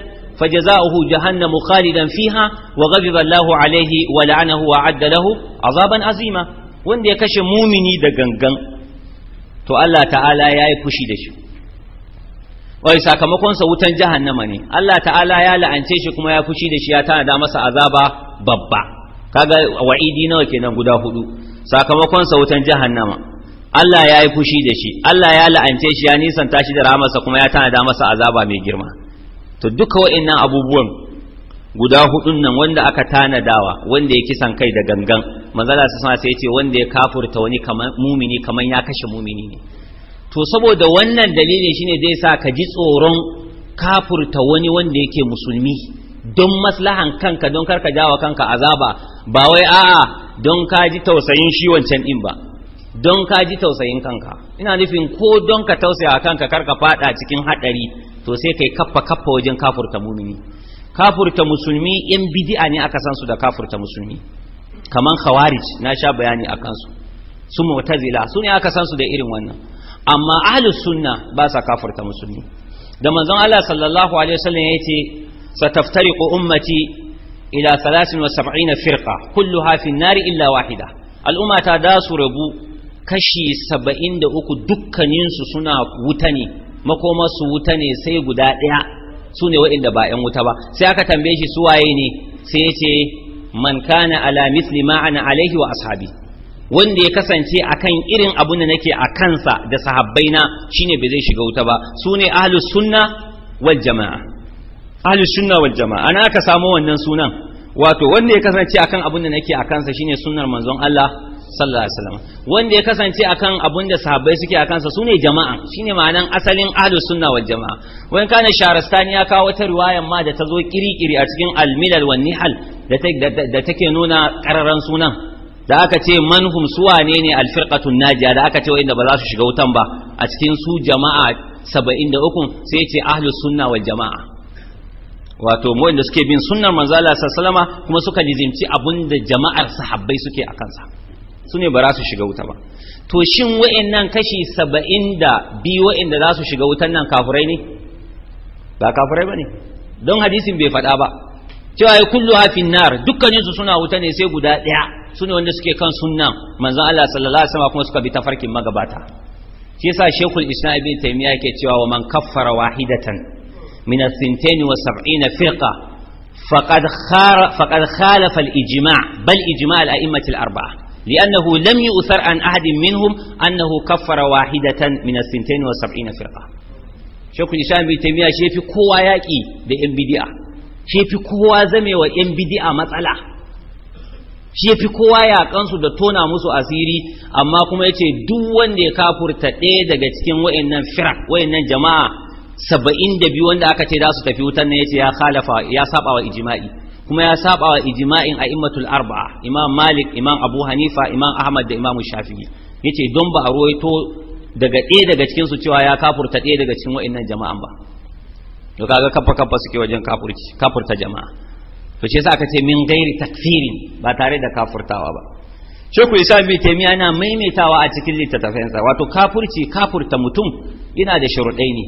فجزاؤه جهنم خالدا فيها وغضب الله عليه ولعنه وأعد له عذابا عظيما wanda ya kashe mumini da gangan to Allah ta'ala ya yi fushi da shi wai sakamakonsa wutan jahannama ne Allah ta'ala ya la'ance shi kuma ya fushi da shi ya tanada masa azaba babba kaga wa'idi nawa kenan guda hudu sakamakonsa wutan jahannama Allah ya yi fushi da shi Allah ya la'ance shi ya nisan tashi da rahamarsa kuma ya tanada masa azaba mai girma to duka wa'annan abubuwan guda hudun nan wanda aka tanadawa wanda ya kisan kai da gangan manzala su sama sai ce wanda ya kafurta wani mumini kamar ya kashe mumini ne to saboda wannan dalilin shine zai sa ka ji tsoron kafurta wani wanda yake musulmi don maslahan kanka don karka jawa kanka azaba ba wai a'a don ka ji tausayin shi wancan din ba don ka ji tausayin kanka ina nufin ko don ka tausaya kanka karka fada cikin hadari to sai kai kaffa kaffa wajen kafurta mumini kafurta musulmi yan bid'a ne aka san su da kafurta musulmi kaman khawarij na sha bayani a kansu su mu'tazila su ne aka san su da irin wannan amma ahlus sunna ba sa kafurta musulmi da manzon Allah sallallahu alaihi wasallam yace sataftariqu ummati ila 73 firqa kulluha fi an-nar illa wahida al'umma ta da su rabu kashi 73 dukkaninsu suna wuta ne makoma su wuta ne sai guda daya su ne wa'inda ba 'yan wuta ba sai aka tambaye shi su waye ne sai ce man kana ala misli ma'ana alaihi wa ashabi wanda ya kasance akan irin abun da nake a kansa da sahabbaina shine bai zai shiga wuta ba su ne ahlus sunna wal jama'a sunna wal ana ka samu wannan sunan wato wanda ya kasance akan abun da nake a kansa shine sunnar manzon Allah sallallahu alaihi wasallam wanda ya kasance akan abun da sahabbai suke akan sa sune jama'a shine ma'anan asalin ahlu sunna wal jama'a wani kana sharastani ya kawo wata riwayan ma da ta zo kirikiri a cikin al-milal wan nihal da take nuna kararan sunan da aka ce manhum suwane ne al-firqatun najiya da aka ce wanda ba za su shiga wutan ba a cikin su jama'a 73 sai ya ce ahlus sunna wal jama'a wato wanda suke bin sunnar manzo sallallahu alaihi wasallama kuma suka lizimci da jama'ar sahabbai suke akan sa su ne ba za su shiga wuta ba to shin wa'annan kashi saba'in da biyu wa'anda za su shiga wutan nan kafurai ne ba kafurai ba ne don hadisin bai faɗa ba cewa ya kullu hafin nar dukkaninsu suna wuta ne sai guda ɗaya su ne wanda suke kan sunnan manzan Allah sallallahu alaihi wasallam kuma suka bi tafarkin magabata shi yasa shekul islam ibn taymiya yake cewa wa man kaffara wahidatan min as-sintain wa sab'ina firqa faqad khara faqad khalafa al-ijma' bal ijma' al-a'immah al-arba'a لأنه لم يؤثر عن أحد منهم أنه كفر واحدة من الثنتين وسبعين فرقة شكرا لشان بن تيمية شيفي قوة يأتي بإن بدئة شيفي قوة زمي وإن بدئة مثلا shi kowa ya kansu da tona musu asiri amma kuma yace duk wanda ya kafurta ɗaya daga cikin wa'annan firak wa'annan jama'a saba'in da biyu wanda aka ce za su tafi wutan ne ya ce ya khalafa ya wa ijima'i kuma ya saba wa ijma'in a'immatul arba'a imam malik imam abu hanifa imam ahmad da imam shafi'i yace don ba a ruwaito daga ɗaya daga cikin su cewa ya kafurta ɗaya daga cikin wa'annan jama'an ba to kaga kafa kafa suke wajen kafurci kafurta jama'a to shi yasa aka ce min gairi takfirin ba tare da kafurtawa ba Sheku Isa bin Taymiya yana maimaitawa a cikin sa wato kafurci kafurta mutum yana da sharuɗai ne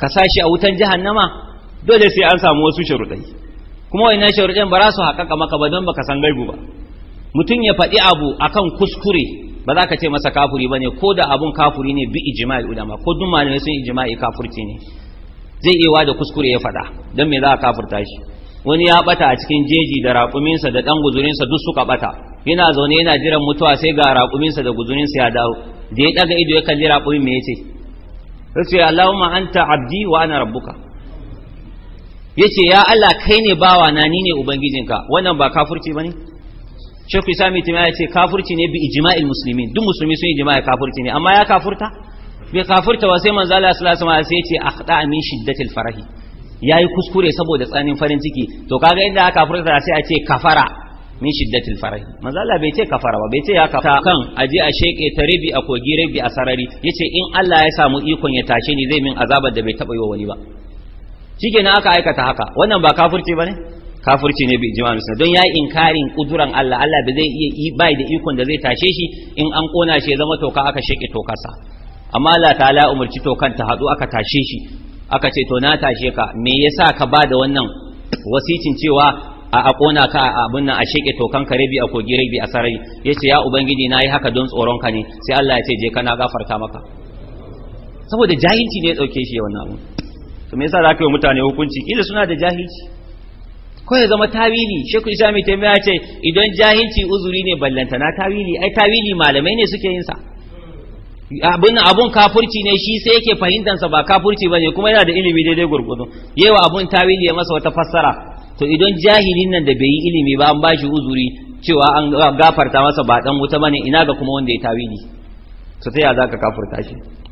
ka sashi a wutan jahannama dole sai an samu wasu sharuɗai kuma wayannan sharuɗin ba za su haƙaƙa maka ba don baka san gaibu ba mutum ya faɗi abu akan kuskure ba za ka ce masa kafuri ba ne ko da abun kafuri ne bi ijma'i ulama ko duk malamai sun ijima'i kafurci ne zai iya da kuskure ya faɗa don me za a kafurta shi wani ya ɓata a cikin jeji da raƙuminsa da ɗan guzurinsa duk suka bata yana zaune yana jiran mutuwa sai ga raƙuminsa da guzurinsa ya dawo da ya ɗaga ido ya kalli raƙumin me ce? sai Allahumma anta abdi wa ana rabbuka yace ya Allah kai ne bawa na ni ne ubangijinka wannan ba kafurci bane Sheikh Isami Tima ya ce kafurci ne bi ijma'il muslimin duk musulmi sun yi jima'a kafurci ne amma ya kafurta bai kafurta ba sai manzo Allah sallallahu alaihi wasallam sai ya ce akhda min shiddatil farahi yayi kuskure saboda tsanin farin ciki to kaga inda aka kafurta sai a ce kafara min shiddatil farahi manzo Allah bai ce kafara ba bai ce ya kafara kan aje a sheke ta ribi a kogi ribi a sarari yace in Allah ya samu ikon ya tashe ni zai min azabar da bai taba yi wa wani ba na aka aikata haka wannan ba kafirci bane kafirci ne bi ijma'in sunna don yayi inkarin kuduran Allah Allah ba zai iya bai da ikon da zai tashe shi in an kona shi ya zama toka aka sheke tokarsa amma Allah ta'ala umarci tokan ta hadu aka tashe shi aka ce to na tashe ka me yasa ka ba da wannan wasicin cewa a kona ka a abun nan a sheke tokan ka rabi a kogi rabi a sarari yace ya ubangiji nayi haka don tsoron ka ne sai Allah ya ce je kana gafarta maka saboda jahilci ne ya dauke shi wannan abu to me yasa za ka yi mutane hukunci kila suna da jahilci ko ya zama tawili shekul islami taimiya ya ce idan jahilci uzuri ne ballanta na tawili ai tawili malamai ne suke yin abin abun kafurci ne shi sai yake sa ba kafurci bane kuma yana da ilimi daidai gurgudu yewa abun tawili ya masa wata fassara to idan jahilin nan da bai yi ilimi ba an bashi uzuri cewa an gafarta masa ba dan wuta bane ina ga kuma wanda ya tawili to sai ya zaka kafurta shi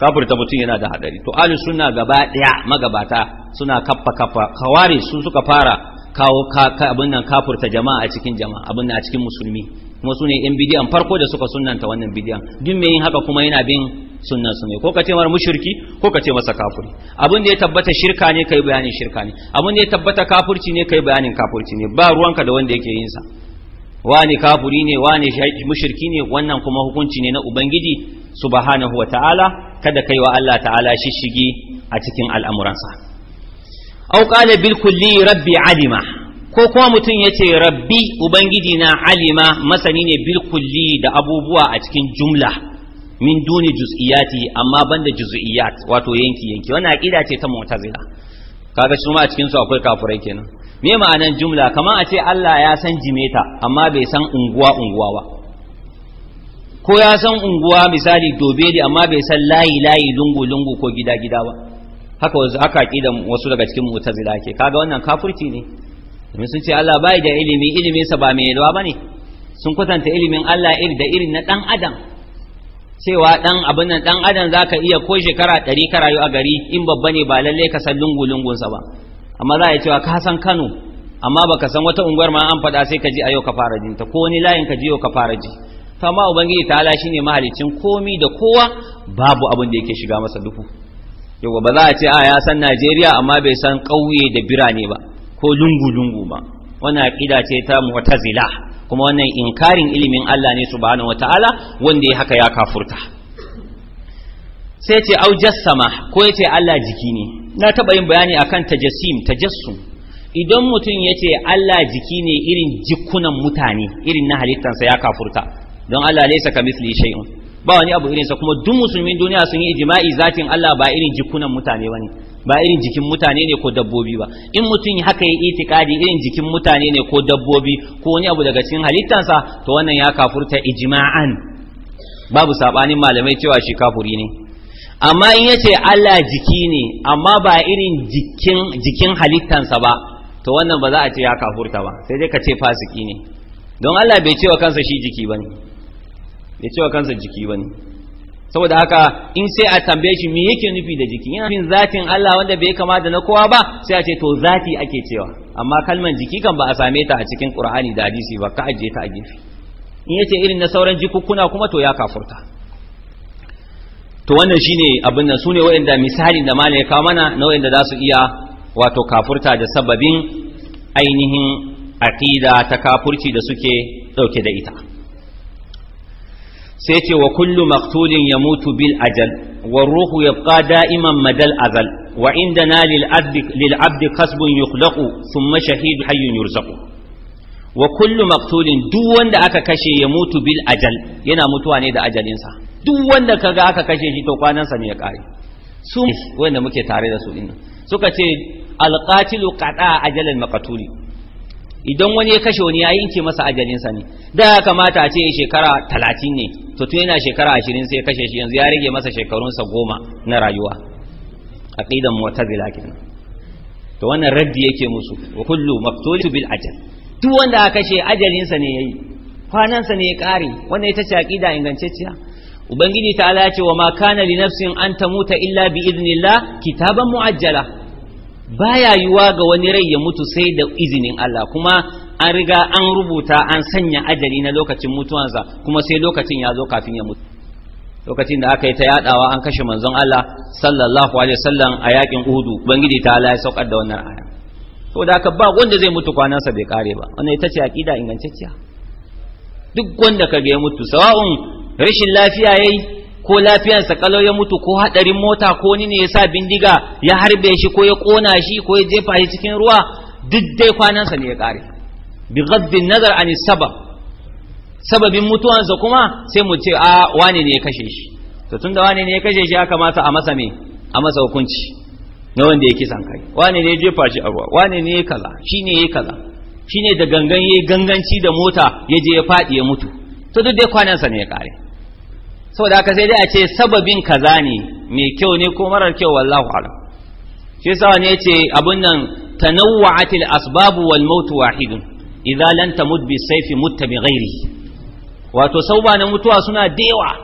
kafirta mutum yana da hadari to ahli sunna gaba daya magabata suna kaffa kaffa kawari su suka fara kawo abin nan kafirta jama'a a cikin jama'a abin nan a cikin musulmi kuma su ne yan bidiyan farko da suka sunnanta wannan bidiyan duk me yin haka kuma yana bin sunnan su ne ko ka ce mar mushriki ko ka ce masa kafiri abin da ya tabbata shirka ne kai bayanin shirka ne abin da ya tabbata kafirci ne kai bayanin kafirci ne ba ruwanka da wanda yake yin sa wani kafiri ne wani mushriki ne wannan kuma hukunci ne na ubangiji subhanahu wataala kada kai wa Allah ta'ala shishigi a cikin al'amuransa au qala bil rabbi alima ko kuma mutum ya ce rabbi ubangiji na alima masani ne bilkulli da abubuwa a cikin jumla min duni juz'iyati amma banda juz'iyat wato yanki yanki wannan aqida ce ta mu'tazila kaga su ma a cikin su akwai kafurai kenan me ma'anan jumla kamar a ce Allah ya san jimeta amma bai san unguwa unguwa ba ko ya san unguwa misali dobe ne amma bai san layi layi lungu lungu ko gida gida ba haka wasu aka kidan wasu daga cikin mu'tazila ke kaga wannan kafirci ne domin sun ce Allah bai da ilimi ilimin sa ba mai yalwa bane sun kwatanta ilimin Allah iri da irin na dan adam cewa dan abin nan dan adam zaka iya ko shekara ɗari ka rayu a gari in babba ne ba lalle ka san lungu sa ba amma za a cewa ka san Kano amma baka san wata unguwar ma an faɗa sai ka ji a yau ka fara jinta ko wani layin ka ji yau ka fara ji sama ubangiji ta'ala ne mahalicin komi da kowa babu abin da yake shiga masa duhu yau ba za a ce a ya san Najeriya amma bai san ƙauye da birane ba ko lungu-lungu ba wannan aqida ce ta mu'tazila kuma wannan inkarin ilimin Allah ne subhanahu wataala wanda ya haka ya kafurta sai ce au jassama ko ya ce Allah jiki ne na taba yin bayani akan tajassim tajassum idan mutum ya ce Allah jiki ne irin jikunan mutane irin na halittansa ya kafurta don Allah laysa misli shay'un ba wani abu irinsa kuma duk musulmin duniya sun yi ijma'i zatin Allah ba irin jikunan mutane bane ba irin jikin mutane ne ko dabbobi ba in mutum haka yi itikadi irin jikin mutane ne ko dabbobi ko wani abu daga cikin halittansa to wannan ya kafurta ijma'an babu sabanin malamai cewa shi kafuri ne amma in yace Allah jiki ne amma ba irin jikin jikin halittansa ba to wannan ba za a ce ya kafurta ba sai dai ka ce fasiki ne don Allah bai cewa kansa shi jiki bane bai cewa kansa jiki ba ne saboda haka in sai a tambaye shi me yake nufi da jiki yana nufin zatin Allah wanda bai kama da na kowa ba sai a ce to zati ake cewa amma kalman jiki kan ba a same ta a cikin Qur'ani da hadisi ba ka ajiye ta a gefe in yace irin na sauran jikukkuna kuma to ya kafurta to wannan shine abin nan sune waɗanda misali da malai ka mana na waɗanda za su iya wato kafurta da sababin ainihin aqida ta kafurci da suke dauke da ita sai ce wa kullu maqtulin mutu bil ajal wa ruhu yabqa da'iman madal azal wa indana lil abdi kasbun yukhlaqu thumma shahidu hayyun yurzaqu wa kullu maqtulin duk wanda aka kashe ya mutu bil ajal yana mutuwa ne da ajalinsa duk wanda kaga aka kashe shi to kwanansa ne ya kare su wanda muke tare da su dinnan suka ce alqatilu qada ajalan maqtuli idan wani ya kashe wani ya yanke masa ajalinsa ne da ya kamata a ce shekara talatin ne to tun yana shekara ashirin sai kashe shi yanzu ya rage masa shekarunsa goma na rayuwa aqidan mu'tazila kenan to wannan raddi yake musu wa kullu maqtulu bil ajal duk wanda aka kashe ajalinsa ne yayi kwanansa ne ya kare wannan ita ce aqida ingantacciya ubangiji ta ala ce wa ma kana li nafsin an tamuta illa bi idnillah kitaban muajjala baya yuwa ga wani rai ya mutu sai da izinin Allah kuma an riga an rubuta an sanya ajali na lokacin mutuwansa kuma sai lokacin ya zo kafin ya mutu lokacin da aka yi ta yadawa an kashe manzon Allah sallallahu alaihi wasallam a yakin Uhudu bangiji ta Allah ya saukar da wannan aya to da aka ba wanda zai mutu kwanansa bai kare ba wannan ita ce aqida ingantacciya duk wanda ka ga ya mutu sawa'un rashin lafiya yayi ko sa kalau ya mutu ko hadarin mota ko ni ne ya bindiga ya harbe shi ko ya kona shi ko ya jefa shi cikin ruwa duk dai kwanansa ne ya kare bi nazar ani sabab sababin mutuwansa kuma sai mu ce a wane ne ya kashe shi to tunda wane ne ya kashe shi ya kamata a masa me a masa hukunci na wanda ya kisan kai wane ne ya jefa shi a ruwa wane ne ya kaza shine ya kaza shine da gangan ya ganganci da mota ya je ya faɗi ya mutu to duk dai kwanansa ne ya kare saboda haka sai dai a ce sababin kaza ne mai kyau ne ko marar kyau wallahu alam shi yasa ne ce abun nan tanawwa'atil asbabu wal mautu wahidun idza lan tamut bi sayfi mutta bi ghairi wato sauba na mutuwa suna dewa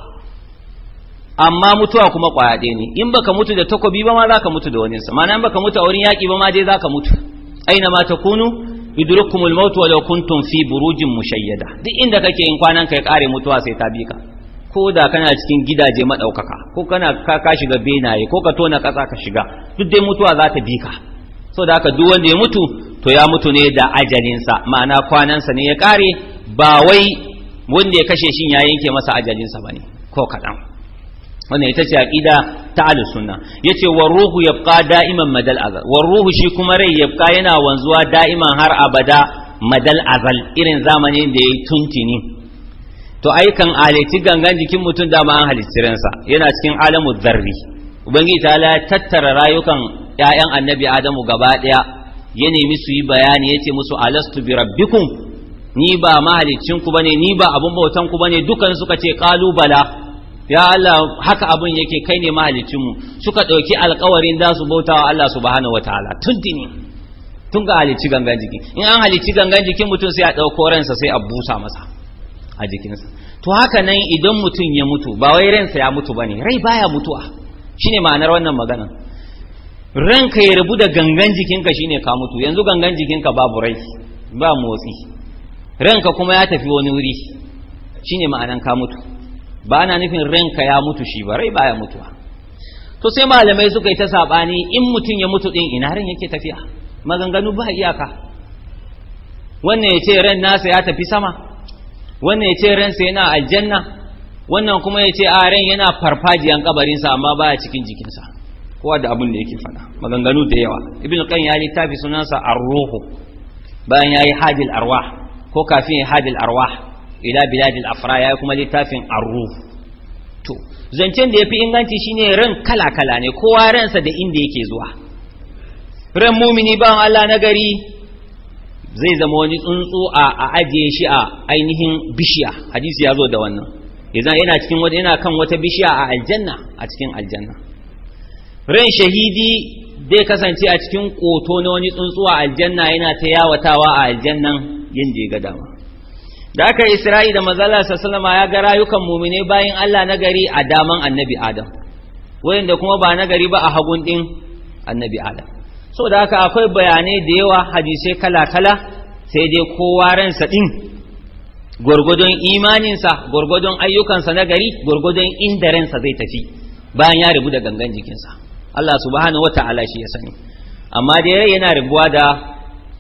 amma mutuwa kuma kwaya ɗaya ne in baka mutu da takobi ba ma za ka mutu da wani sa ma'ana in baka mutu a wurin yaƙi ba ma dai ka mutu aina ma kunu. yudrikumul maut law kuntum fi burujin mushayyada duk inda kake in kwanan kai kare mutuwa sai ta bika. ka ko da kana cikin gidaje madaukaka ko kana ka ka shiga benaye ko ka tona kasa ka shiga duk dai mutuwa za ta bi ka da haka duk wanda ya mutu to ya mutu ne da ajalinsa ma'ana kwanansa ne ya kare ba wai wanda ya kashe shi ya yanke masa ajalinsa ba ne ko kaɗan. wannan ita ce aƙida ta al Ya ce wa ruhu fuka da'iman madal azal wa ruhu shi kuma rai ya fuka yana wanzuwa da'iman har abada madal azal irin zamanin da ya yayi tuntini to aikan aleti gangan jikin mutum dama an halittiransa yana cikin alamu zarri ubangiji ta tattara rayukan 'ya'yan annabi adamu gaba ɗaya ya nemi su yi bayani ce musu alastu bi rabbikum ni ba mahalicin ku bane ni ba abun bautan ku bane dukan suka ce qalu ya Allah haka abun yake kai ne mahalicin mu suka dauki alkawarin da su bautawa Allah subhanahu wataala tun dini tun ga halicci gangan jiki in an halicci gangan jikin mutum sai a dauko ransa sai a busa masa a jikinsa to haka nan idan mutum ya mutu ba wai ransa ya mutu bane rai baya mutuwa shine ma'anar wannan maganar ranka ya rabu da gangan jikinka shine ka mutu yanzu gangan jikinka babu rai ba motsi ranka kuma ya tafi wani wuri shine ma'anan ka mutu ba ana nufin ranka ya mutu shi ba rai baya mutuwa to sai malamai suka yi ta sabani in mutum ya mutu din ina ran yake tafiya maganganu ba iyaka wannan ya ce ran nasa ya tafi sama wannan ya ce ransa yana aljanna wannan kuma ya ce a ran yana farfajiyan kabarinsa amma baya cikin jikinsa kowa da abin da yake faɗa maganganu da yawa ibn qayyim ya littafi sunansa ar ruh bayan yayi hadil arwah ko kafin hadil arwah ila biladil afra ya kuma littafin ar-ruh to zancen da yafi inganci shine ran kala kala ne kowa ransa da inda yake zuwa ran mumini ba Allah na zai zama wani tsuntsu a ajiye shi a ainihin bishiya hadisi ya zo da wannan yana cikin wata yana kan wata bishiya a aljanna a cikin aljanna ran shahidi zai kasance a cikin ƙoto na wani tsuntsuwa aljanna yana ta yawatawa a aljannan yin ya ga dama da aka isra'i da mazala sassalama ya ga rayukan mumine bayan allah nagari a daman annabi adam wayanda kuma ba nagari ba a hagun din annabi adam so da haka akwai bayanai da yawa hadisai kala kala sai dai kowa ransa ɗin, gwargwadon imaninsa gwargwadon ayyukansa na gari gwargwadon inda ransa zai tafi bayan ya rubu da gangan jikinsa Allah subhanahu wata'ala shi ya sani amma dai yana rabuwa da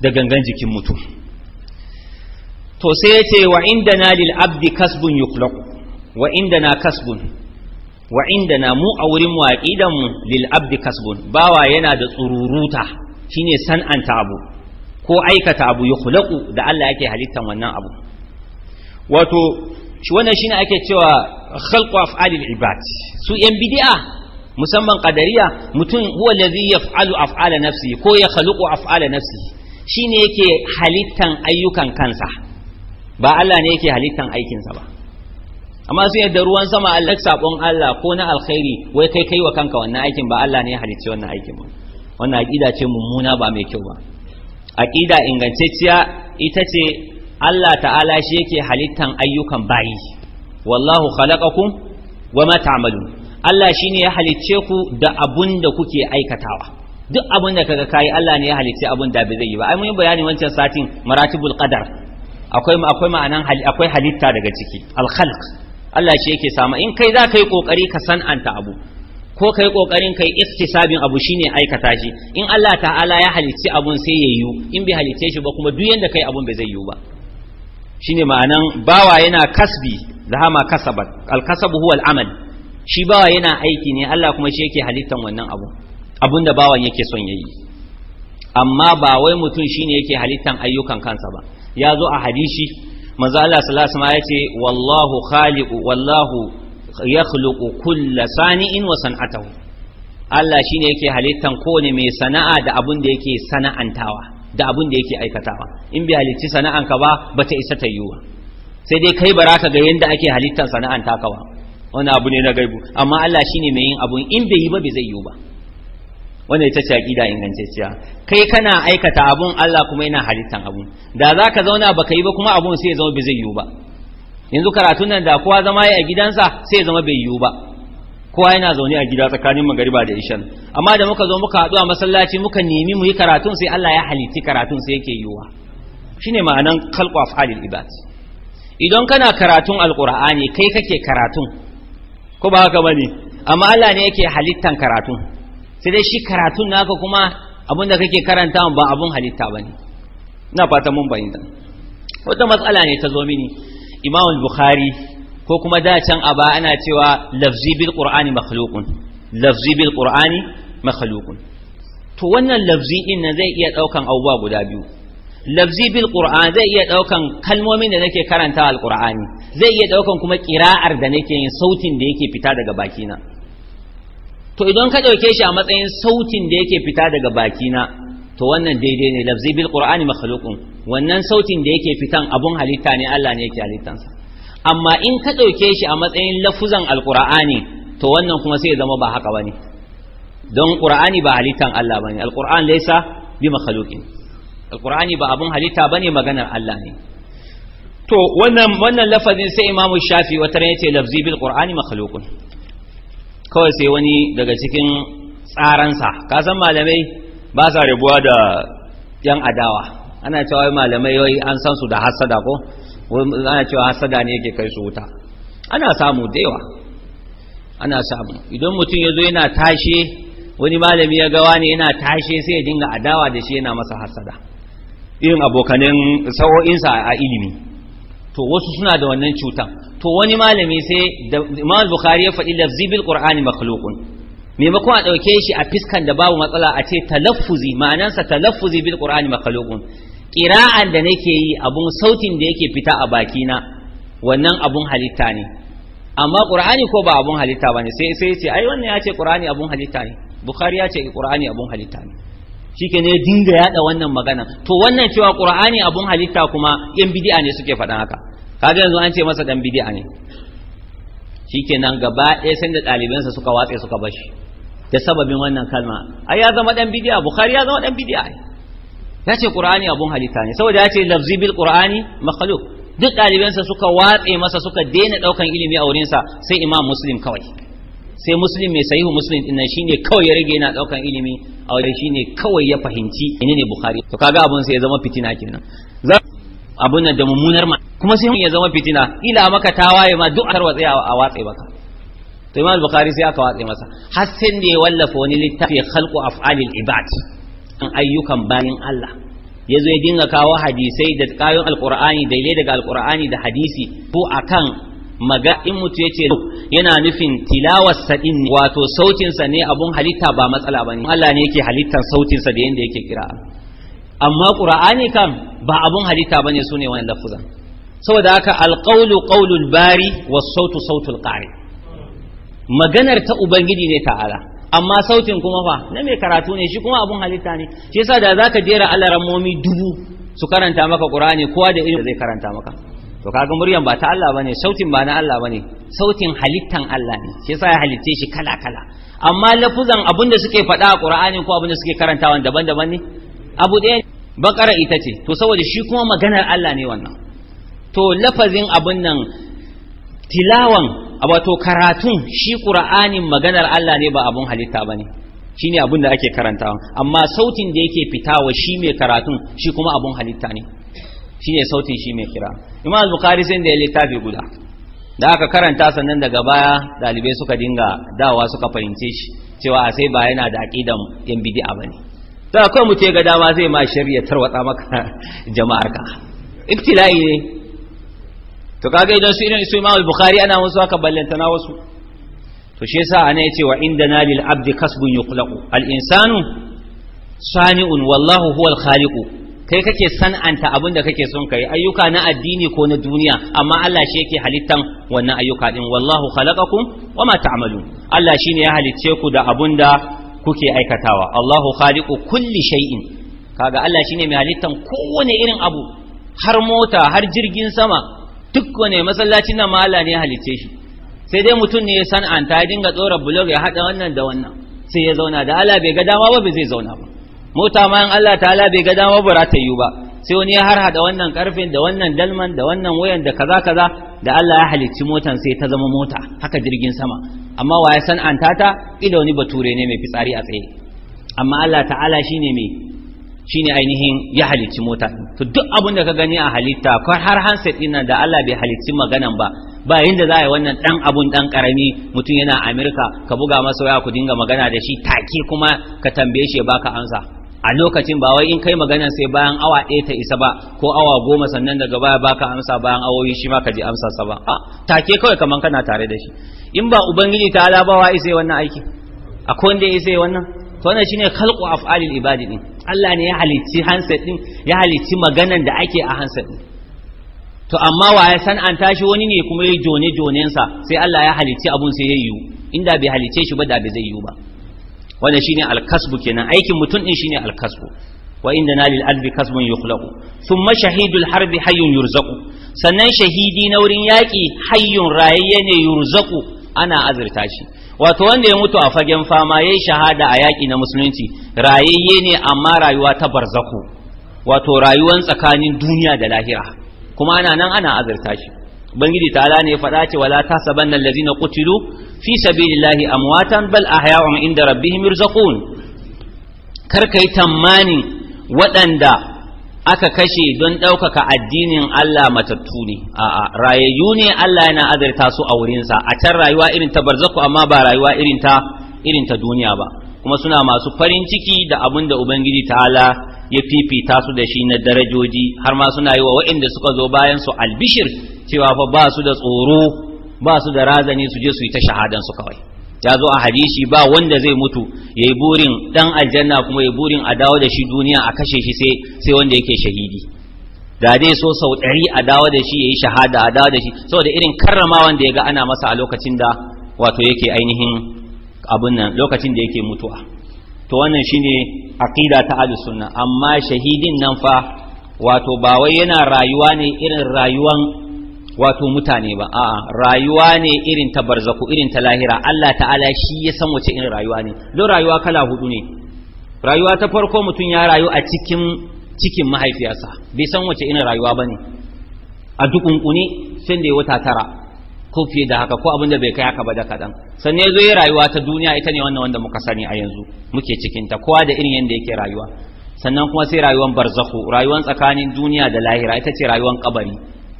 da gangan jikin mutum to sai ya ce wa indana lil abdi kasbun yuqlaq wa indana kasbun wa indana mu a wurin waqidan mu lil abdi kasbun bawa yana da tsururuta shine san'anta abu ko aikata abu yukhlaqu da Allah yake halittan wannan abu wato shi wannan shine ake cewa khalqu af'alil ibad su yan bid'a musamman qadariya mutum huwa allazi yaf'alu af'ala nafsi ko ya khaluqu af'ala nafsi shine yake halittan ayyukan kansa ba Allah ne yake halittan aikinsa ba amma sun yadda ruwan sama Allah sabon Allah ko na alkhairi wai kai kai wa kanka wannan aikin ba Allah ne ya halicce wannan aikin ba wannan aqida ce mummuna ba mai kyau ba aqida ingantacciya ita ce Allah ta'ala shi yake halittan ayyukan bayi wallahu khalaqakum wama ta'malun Allah shine ya halicce ku da abun da kuke aikatawa duk abun da kaga kai Allah ne ya halicce abun da bai zai yi ba ai mun bayani wancan satin maratibul qadar akwai akwai ma'anan akwai halitta daga ciki al khalq Allah shi yake sama in kai za ka yi kokari ka san'anta abu ko kai kokarin kai iktisabin abu shine aikata shi in Allah ta'ala ya halicci abun sai ya yiwu in bai halicce shi ba kuma duk yanda kai abun bai zai yiwu ba shine ma'anan bawa yana kasbi zahama hama kasabat al kasabu huwa al amal shi bawa yana aiki ne Allah kuma shi yake halittan wannan abu abun da bawan yake son ya yi. amma ba wai mutum shine yake halittan ayyukan kansa ba ya zo a hadishi, manzo Allah sallallahu alaihi ya ce wallahu khaliqu wallahu yakhluqu kulla sani'in wa san'atahu Allah shine yake halittan kowane mai sana'a da abun da yake sana'antawa da abun da yake aikatawa in bai halitti sana'anka ba bata isa ta yiwa sai dai kai baraka ga yadda ake halittan sana'anta ka ba wani abu ne na gaibu amma Allah shine mai yin abun in bai yi ba bai zai yi ba wannan ita ce aqida ingantacciya kai kana aikata abun Allah kuma yana halittan abun da zaka zauna baka yi ba kuma abun sai ya zama bai zai yi ba yanzu karatun nan da kowa zama yi a gidansa sai ya zama bai yi ba kowa yana zaune a gida tsakanin magariba da ishan amma da muka zo muka haɗu a masallaci muka nemi mu yi karatun sai Allah ya halitti karatun sai yake yiwa shine ma'anan khalqu af'alil ibad idan kana karatun alqur'ani kai kake karatun ko ba haka bane amma Allah ne yake halittan karatun sai dai shi karatun naka kuma abin da kake karanta ba abun halitta bane ina fata mun bayyana wata matsala ne ta zo mini Imam Bukhari ko kuma da can a ba ana cewa lafzi bil qur'ani makhluqun lafzi bil qur'ani makhluqun to wannan lafzi din nan zai iya daukan abubuwa guda biyu lafzi bil qur'an zai iya daukan kalmomin da nake karanta al qur'ani zai iya daukan kuma kira'ar da nake yin sautin da yake fita daga bakina to idan ka dauke shi a matsayin sautin da yake fita daga bakina to wannan daidai ne lafzi bil qur'ani makhluqun wannan sautin da yake fitan abun halitta ne Allah ne yake halittansa amma in ka dauke shi a matsayin lafuzan alqur'ani to wannan kuma sai ya zama ba haka bane don qur'ani ba halittan Allah bane alqur'an laysa bi makhluqin alqur'ani ba abin halitta bane maganar Allah ne to wannan wannan lafazin sai Imam Shafi wata ran yace lafzi bil qur'ani makhluqun kawai sai wani daga cikin tsaransa ka san malamai ba sa rabuwa da yan adawa ana cewa malamai wai an san su da hasada ko ana cewa hasada ne yake kai su wuta ana samu da ana samu idan mutum yazo yana tashe wani malami ya gawa ne yana tashe sai ya dinga adawa da shi yana masa hasada irin abokanin sa'o'insa a ilimi to wasu suna da wannan cutan to wani malami sai da imam bukhari ya faɗi lafzi bil qur'ani makhluqun maimakon a ɗauke shi a fiskan da babu matsala a ce talaffuzi ma'anansa talaffuzi bil qur'ani makhluqun qira'an da nake yi abun sautin da yake fita a bakina wannan abun halitta ne amma qur'ani ko ba abun halitta bane sai sai ce ai wannan ya ce qur'ani abun halitta ne bukhari ya ce qur'ani abun halitta ne shike ne dinga yada wannan magana to wannan cewa qur'ani abun halitta kuma yan bid'a ne suke faɗan haka kaga yanzu an ce masa dan bid'a ne shikenan gaba ɗaya sai da ɗalibansa suka watse suka bashi da sababin wannan kalma ai ya zama dan bid'a bukhari ya zama dan bid'a ne ya ce qur'ani abun halitta ne saboda ya ce lafzi bil qur'ani makhluq duk ɗalibansa suka watse masa suka daina ɗaukan ilimi a wurinsa sai imam muslim kawai sai muslim mai sahihu muslim din nan shine kawai ya rage yana ɗaukan ilimi a wajen shi ne kawai ya fahimci ne bukhari to kaga abun sai ya zama fitina kenan abun nan da mummunar ma kuma sai ya zama fitina ila maka tawaye ma duk a watsaya a watsai maka to imam bukhari sai aka watsai masa har sai ne ya wallafa wani littafi khalqu af'alil ibad an ayyukan bayin Allah ya zo ya dinga kawo hadisai da kayan alqur'ani dalilai daga alqur'ani da hadisi ko akan maga in mutu ya ce yana nufin tilawar sadin ne wato sautinsa ne abun halitta ba matsala ba ne Allah ne yake halittar sautinsa da yadda yake kira amma qur'ani kam ba abun halitta bane sune wannan lafuzan saboda haka alqawlu qawlul bari was sautu sautul qari maganar ta ubangiji ne ta'ala amma sautin kuma fa na mai karatu ne shi kuma abun halitta ne shi yasa da zaka jera allah ramomi dubu su karanta maka qur'ani kowa da irin zai karanta maka to kaga muryan ba ta Allah bane sautin ba na Allah bane sautin halittan Allah ne shi yasa ya halitte shi kala kala amma lafuzan abinda suke faɗa a Qur'ani ko abinda suke karantawa daban-daban ne abu ɗaya bakara ita ce to saboda shi kuma maganar Allah ne wannan to lafazin abun nan tilawan wato karatun shi Qur'anin maganar Allah ne ba abun halitta bane shine abun da ake karantawa amma sautin da yake fitawa shi mai karatun shi kuma abun halitta ne shine sautin shi mai kira imam al-bukhari sai da ya littafi guda da aka karanta sannan daga baya dalibai suka dinga dawa suka fahimce shi cewa a sai ba yana da aqidan yan bid'a bane to akwai mu ce ga dama zai ma shari'a tarwatsa maka jama'ar ka ibtila'i ne to kaga idan su irin su imam al-bukhari ana musu haka na wasu to shi yasa ana yace wa inda lil abdi kasbun yuqlaqu al insanu sani'un wallahu huwal khaliqu kai kake san'anta abin da kake son kai ayyuka na addini ko na duniya amma Allah shi yake halittan wannan ayyuka din wallahu khalaqakum wama ta'malun Allah shine ya halicce ku da abin da kuke aikatawa Allahu khaliqu kulli shay'in kaga Allah shine mai halittan kowane irin abu har mota har jirgin sama duk wani masallacin nan ma Allah ne ya halicce shi sai dai mutum ne ya san'anta ya dinga tsora blog ya hada wannan da wannan sai ya zauna da Allah bai ga dama ba bai zai zauna ba mota ma in Allah ta'ala bai ga dama ba ta yi ba sai wani ya harhaɗa wannan karfin da wannan dalman da wannan wayan da kaza kaza da Allah ya halicci motan sai ta zama mota haka jirgin sama amma wa ya san an tata ila wani bature ne mai fitsari a tsaye amma Allah ta'ala shine mai shine ainihin ya halicci mota to duk abin da ka gani a halitta ko har handset ɗin da Allah bai halicci maganan ba ba yanda za a yi wannan dan abun dan karami mutum yana Amerika ka buga masa waya ku dinga magana da shi take kuma ka tambaye shi baka ansa a lokacin ba wai in kai magana sai bayan awa ɗaya ta isa ba ko awa goma sannan daga baya baka amsa bayan awoyi shi ma ka je amsa sa ba a take kawai kaman kana tare da shi in ba ubangiji ta ala bawa isa wannan aiki akwai wanda isa wannan to wannan shine khalqu af'alil ibadi din Allah ne ya halicci hansa din ya halicci maganan da ake a hansa din to amma wa ya san an tashi wani ne kuma ya jone jonensa sai Allah ya halicci abun sai ya yiwu inda bai halicce shi ba da bai zai yiwu ba wannan shine alkasbu kenan aikin mutum din shine alkasbu wa inna lil albi kasbun yukhlaqu thumma shahidul harbi hayyun yurzaqu sannan shahidi na wurin yaki hayyun rayayye ne yurzaqu ana azurta shi wato wanda ya mutu a fagen fama yayi shahada a yaki na musulunci rayayye ne amma rayuwa ta barzaku wato rayuwan tsakanin duniya da lahira kuma ana nan ana azurta shi bangiji ta'ala ne ya faɗa ce wala tasabanna allazina qutilu fi sabilillahi amwatan bal ahya'un inda rabbihim yurzaqun kar yi tamani waɗanda aka kashe don ɗaukaka addinin Allah matattu ne a'a rayayyu ne Allah yana azurta su a wurinsa a can rayuwa irin ta barzaku amma ba rayuwa irin ta irin ta duniya ba kuma suna masu farin ciki da abin da ubangiji ta'ala ya fifita su da shi na darajoji har ma suna yi wa waɗanda suka zo bayan su albishir cewa fa ba su da tsoro ba su da razani su je su yi ta shahadan su kawai ya zo a hadisi ba wanda zai mutu yayi burin dan aljanna kuma yayi burin a dawo da shi duniya a kashe shi sai sai wanda yake shahidi da dai so sau ɗari a dawo da shi yayi shahada a dawo da shi saboda irin karrama wanda ya ga ana masa a lokacin da wato yake ainihin abun nan lokacin da yake mutuwa to wannan shine aqida ta ahlus sunna amma shahidin nan fa wato ba wai yana rayuwa ne irin rayuwan wato mutane ba a'a rayuwa ne irin ta barzaku irin ta lahira Allah ta'ala shi ya san wace irin rayuwa ne don rayuwa kala hudu ne rayuwa ta farko mutum ya rayu a cikin cikin mahaifiyarsa bai san wace irin rayuwa bane a dukunkuni sai da wata tara ko fiye da haka ko abin da bai kai haka ba da kadan sannan ya ya rayuwa ta duniya ita ne wannan wanda muka sani a yanzu muke cikinta, kowa da irin yanda yake rayuwa sannan kuma sai rayuwar barzaku, rayuwar tsakanin duniya da lahira ita ce rayuwar kabari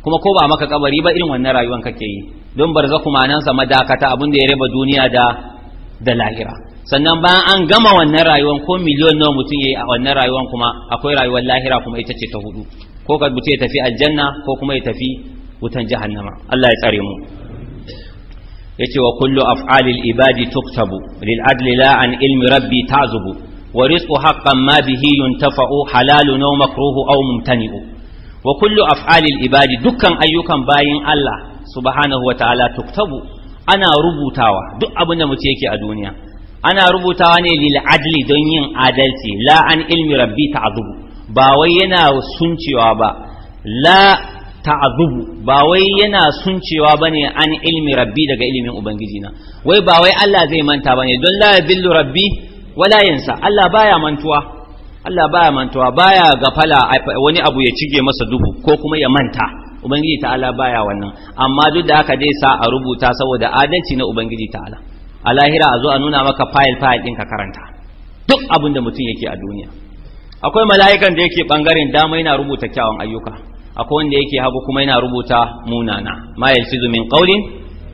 kuma ko ba maka kabari ba irin wannan rayuwan kake yi don barzakhu manansa madakata abin da ya raba duniya da da lahira sannan bayan an gama wannan rayuwar, ko miliyon nawa mutum yayi a wannan rayuwar, kuma akwai rayuwar lahira kuma ita ce ta hudu ko ka mutum ya tafi aljanna ko kuma ya tafi wutan jahannama Allah ya tsare mu yace wa kullu af'alil ibadi tuktabu lil adli la an ilmi rabbi tazubu wa rizqu haqqan ma halalu yuntafa'u halalun aw makruhu aw wa kullu af'alil ibadi dukkan ayyukan bayin Allah subhanahu wa ta'ala tuktabu ana rubutawa duk abin da mutum yake a duniya ana rubutawa ne lil adli don yin adalci la an ilmi rabbi ta'zubu ba wai yana suncewa ba la ta'zubu ba wai yana suncewa bane an ilmi rabbi daga ilimin ubangiji na wai ba wai Allah zai manta bane don la yadhillu rabbi wala yansa Allah baya mantuwa Allah baya mantawa baya gafala wani abu ya cige masa duhu ko kuma ya manta ubangiji ta'ala baya wannan amma duk da aka dai sa a rubuta saboda adalci na ubangiji ta'ala a lahira a zo a nuna maka fayil fayil ɗin ka karanta duk abin da mutum yake a duniya akwai mala'ikan da yake bangaren dama yana rubuta kyawun ayyuka akwai wanda yake hagu kuma yana rubuta munana ma yalsizu min qawlin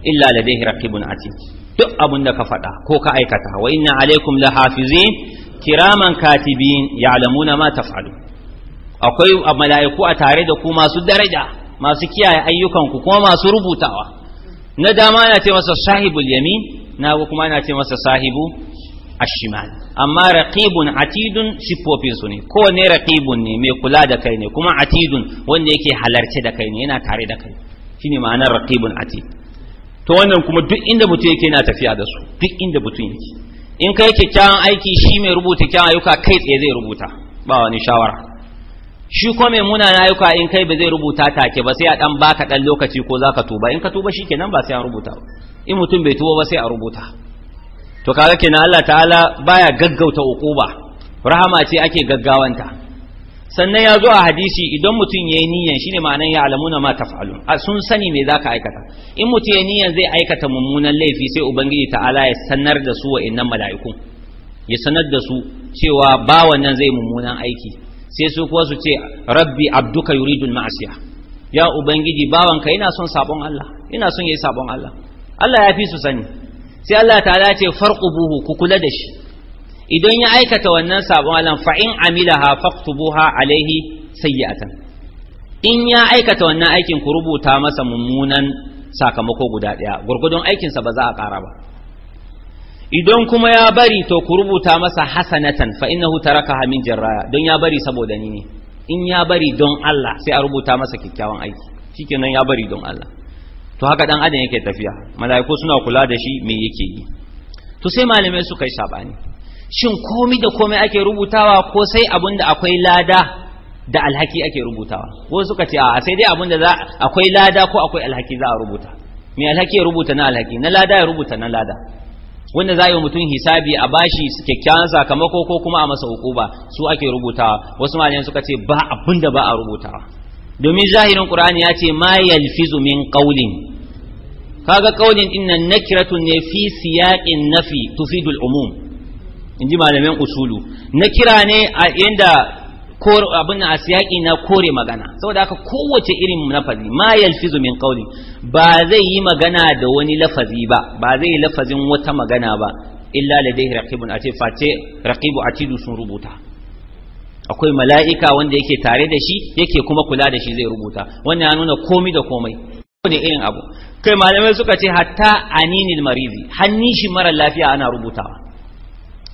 illa ladayhi raqibun atid duk abin da ka faɗa ko ka aikata wa inna alaikum lahafizin kiraman katibin ya'lamuna ma taf'alu akwai mala'iku a tare da ku masu daraja masu kiyaye ayyukan ku kuma masu rubutawa na dama yana ce masa sahibul yamin na kuma na ce masa sahibu ashimal amma raqibun atidun siffofin su ne kowane raqibun ne mai kula da kai ne kuma atidun wanda yake halarce da kai ne yana tare da kai shine ma'anar raqibun atid to wannan kuma duk inda mutum yake yana tafiya da su duk inda mutum yake in kai kyakkyawan aiki shi mai rubuta kyan ayyuka kai tsaye zai rubuta ba wani shawara shi ko mai munanan ayyuka in kai ba zai rubuta take ba sai a dan baka dan lokaci ko za ka tuba in ka tuba shi kenan ba sai an rubuta in mutum bai tuba ba sai a rubuta to kaga kenan Allah ta'ala baya gaggauta uquba rahama ce ake gaggawanta sannan ya zo a hadisi idan mutum ya yi niyan shine ma'anan ya alamu na mata taf'alun a sun sani me ka aikata in mutum ya yi niyan zai aikata mummunan laifi sai ubangiji ta'ala ya sanar da su wa'annan mala'ikun ya sanar da su cewa ba wannan zai mummunan aiki sai su kuwa su ce rabbi abduka yuridul ma'asiya ya ubangiji bawanka ina son sabon Allah ina son sabon Allah Allah ya fi su sani sai Allah ta'ala ya ce farqubuhu ku kula da shi idan ya aikata wannan sabon Allah fa in amilaha faqtubuha alaihi sayyi'atan in ya aikata wannan aikin ku rubuta masa mummunan sakamako guda ɗaya gurgudun aikinsa ba za a ƙara ba idan kuma ya bari to ku rubuta masa hasanatan fa innahu tarakaha min jarraya don ya bari saboda ni ne in ya bari don Allah sai a rubuta masa kyakkyawan aiki shikenan ya bari don Allah to haka dan adam yake tafiya mala'iku suna kula da shi me yake yi to sai malamai suka yi sabani shin komai da komai ake rubutawa ko sai abin da akwai lada da alhaki ake rubutawa Ko suka ce a sai dai abin da za akwai lada ko akwai alhaki za a rubuta mai alhaki ya rubuta na alhaki na lada ya rubuta na lada wanda za a yi mutum hisabi a bashi kyakkyawan sakamako ko kuma a masa hukuba su ake rubutawa wasu malayan suka ce ba abin da ba a rubutawa domin zahirin qur'ani ya ce ma yalfizu min qawlin kaga qawlin din nan nakiratun ne fi siyaqin nafi tufidul umum in ji malamin usulu na kira ne a yadda abin a siyaƙi na kore magana saboda haka kowace irin lafazi ma yalfizu min qawli ba zai yi magana da wani lafazi ba ba zai yi lafazin wata magana ba illa ladayhi raqibun ce face raqibu atidu sun rubuta akwai mala'ika wanda yake tare da shi yake kuma kula da shi zai rubuta wannan ya nuna komai da komai ne irin abu kai malamai suka ce hatta aninil marizi hannishi shi mara lafiya ana rubutawa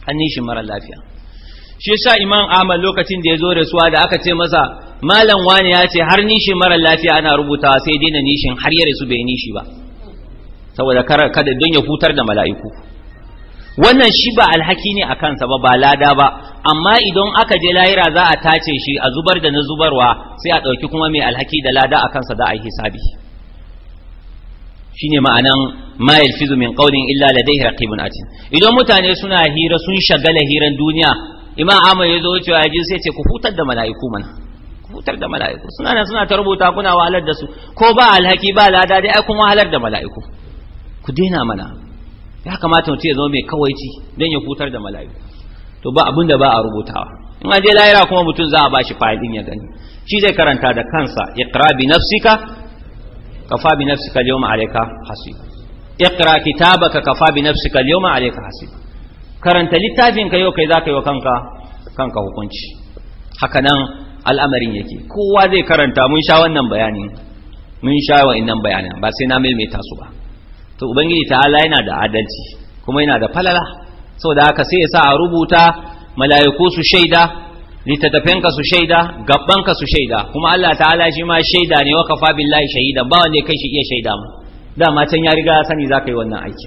hannun shi mara lafiya shi sa imam ahmad lokacin da ya zo da suwa da aka ce masa malam wani ya ce har nishin mara lafiya ana rubutawa sai daina nishin har yare su bai nishi ba saboda kada don ya hutar da mala'iku wannan shi ba alhaki ne a kansa ba ba lada ba amma idan aka je layira za a tace shi a zubar da na zubarwa sai a ɗauki kuma mai alhaki da lada a kansa za a yi hisabi shine ma'anan ma yalfizu min qawlin illa ladayhi raqibun atid idan mutane suna hira sun shagala hiran duniya imam amma ya zo cewa yaji sai ce ku hutar da mala'iku mana ku hutar da mala'iku suna nan suna ta rubuta kuna wahalar da su ko ba alhaki ba lada dai ai kun wahalar da mala'iku ku daina mana ya kamata mutum ya zama mai kawaici don ya hutar da mala'iku to ba abinda ba a rubutawa in an je lahira kuma mutum za a bashi fa'idin ya gani shi zai karanta da kansa iqra bi nafsika kafa bi nafsika al-yawma alayka hasib iqra kitabaka kafa bi nafsi al-yawma alayka hasib karanta littafin ka yau kai zaka yi wa kanka kanka hukunci haka nan al'amarin yake kowa zai karanta mun sha wannan bayanin mun sha wa'annan bayanan ba sai na maimaita tasu ba to ubangiji Allah yana da adalci kuma yana da falala saboda haka sai ya sa a rubuta mala'iku su shaida ka su shaida ka su shaida kuma Allah ta'ala shi ma shaida ne wa kafa billahi shahida ba wanda kai shi iya shaida mu dama can ya riga sani zaka yi wannan aiki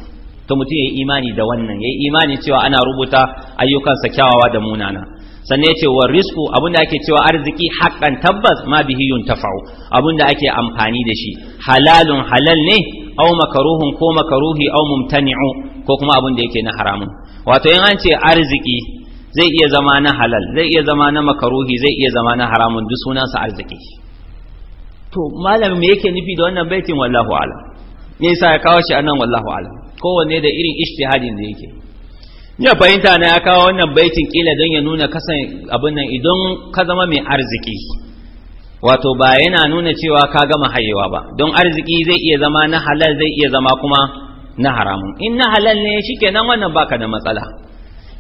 to mutum yayi imani da wannan yayi imani cewa ana rubuta ayyukan sa kyawawa da munana sannan yace wa risku abinda ake cewa arziki haqqan tabbas ma bihi yuntafa'u abinda ake amfani da shi halalun halal ne aw makaruhun ko makaruhi aw mumtani'u ko kuma abinda yake na haramun wato in an ce arziki zai iya zama na halal zai iya zama na makaruhi zai iya zama na haramun duk sunansa arziki to malamin me yake nufi da wannan baitin wallahu alam me yasa ya kawo shi anan wallahu alam kowanne da irin ijtihadin da yake ya fahimta na ya kawo wannan baitin kila don ya nuna kasan abin nan idan ka zama mai arziki wato ba yana nuna cewa ka gama hayewa ba don arziki zai iya zama na halal zai iya zama kuma na haramun in na halal ne shikenan wannan baka da matsala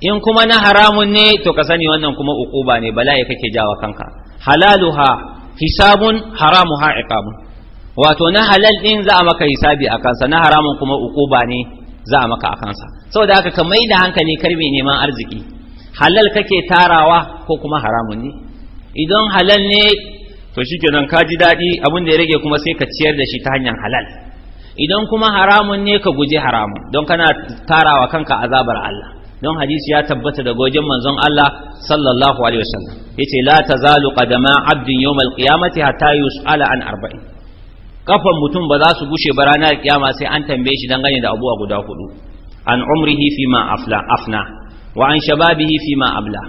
in kuma na haramun ne to ka sani wannan kuma ukuba ne bala'i kake jawa kanka halaluha hisabun ha iqabun wato na halal din za a maka hisabi a kansa na haramun kuma ukuba ne za a maka a kansa saboda haka ka mai da hankali karbe neman arziki halal kake tarawa ko kuma haramun ne idan halal ne to shikenan ka ji daɗi abin da ya rage kuma sai ka ciyar da shi ta hanyar halal idan kuma haramun ne ka guje haramun don kana tarawa kanka azabar Allah don hadisi ya tabbata da wajen manzon Allah sallallahu alaihi wasallam yace la tazalu qadama abdin yawmal qiyamati hatta yus'ala an arba'in kafan mutum ba za su gushe ba ranar kiyama sai an tambaye shi dangane da abubuwa guda hudu an umrihi fi ma afla afna wa an shababihi fi ma abla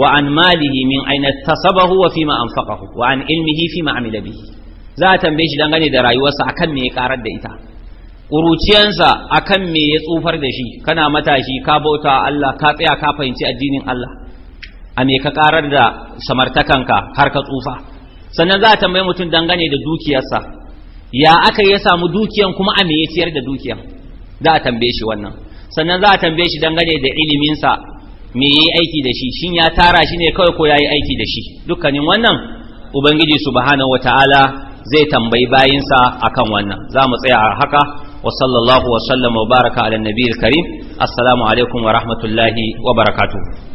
wa an malihi min aina tasabahu wa fi ma anfaqahu wa an ilmihi fi ma amila bihi za a tambaye shi dangane da rayuwarsa akan me ya karar da ita ƙuruciyansa akan me ya tsufar da shi kana matashi ka bauta Allah ka tsaya ka fahimci addinin Allah a me ka karar da samartakanka har ka tsufa sannan za a tambayi mutum dangane da dukiyarsa ya aka ya samu dukiyan kuma a me ya ciyar da dukiyan za a tambaye shi wannan sannan za a tambaye shi dangane da iliminsa me ya yi aiki da shi shin ya tara shi ne kawai ko ya yi aiki da shi dukkanin wannan ubangiji subhanahu wataala zai tambayi bayinsa akan wannan za mu tsaya a haka وصلى الله وسلم وبارك على النبي الكريم السلام عليكم ورحمة الله وبركاته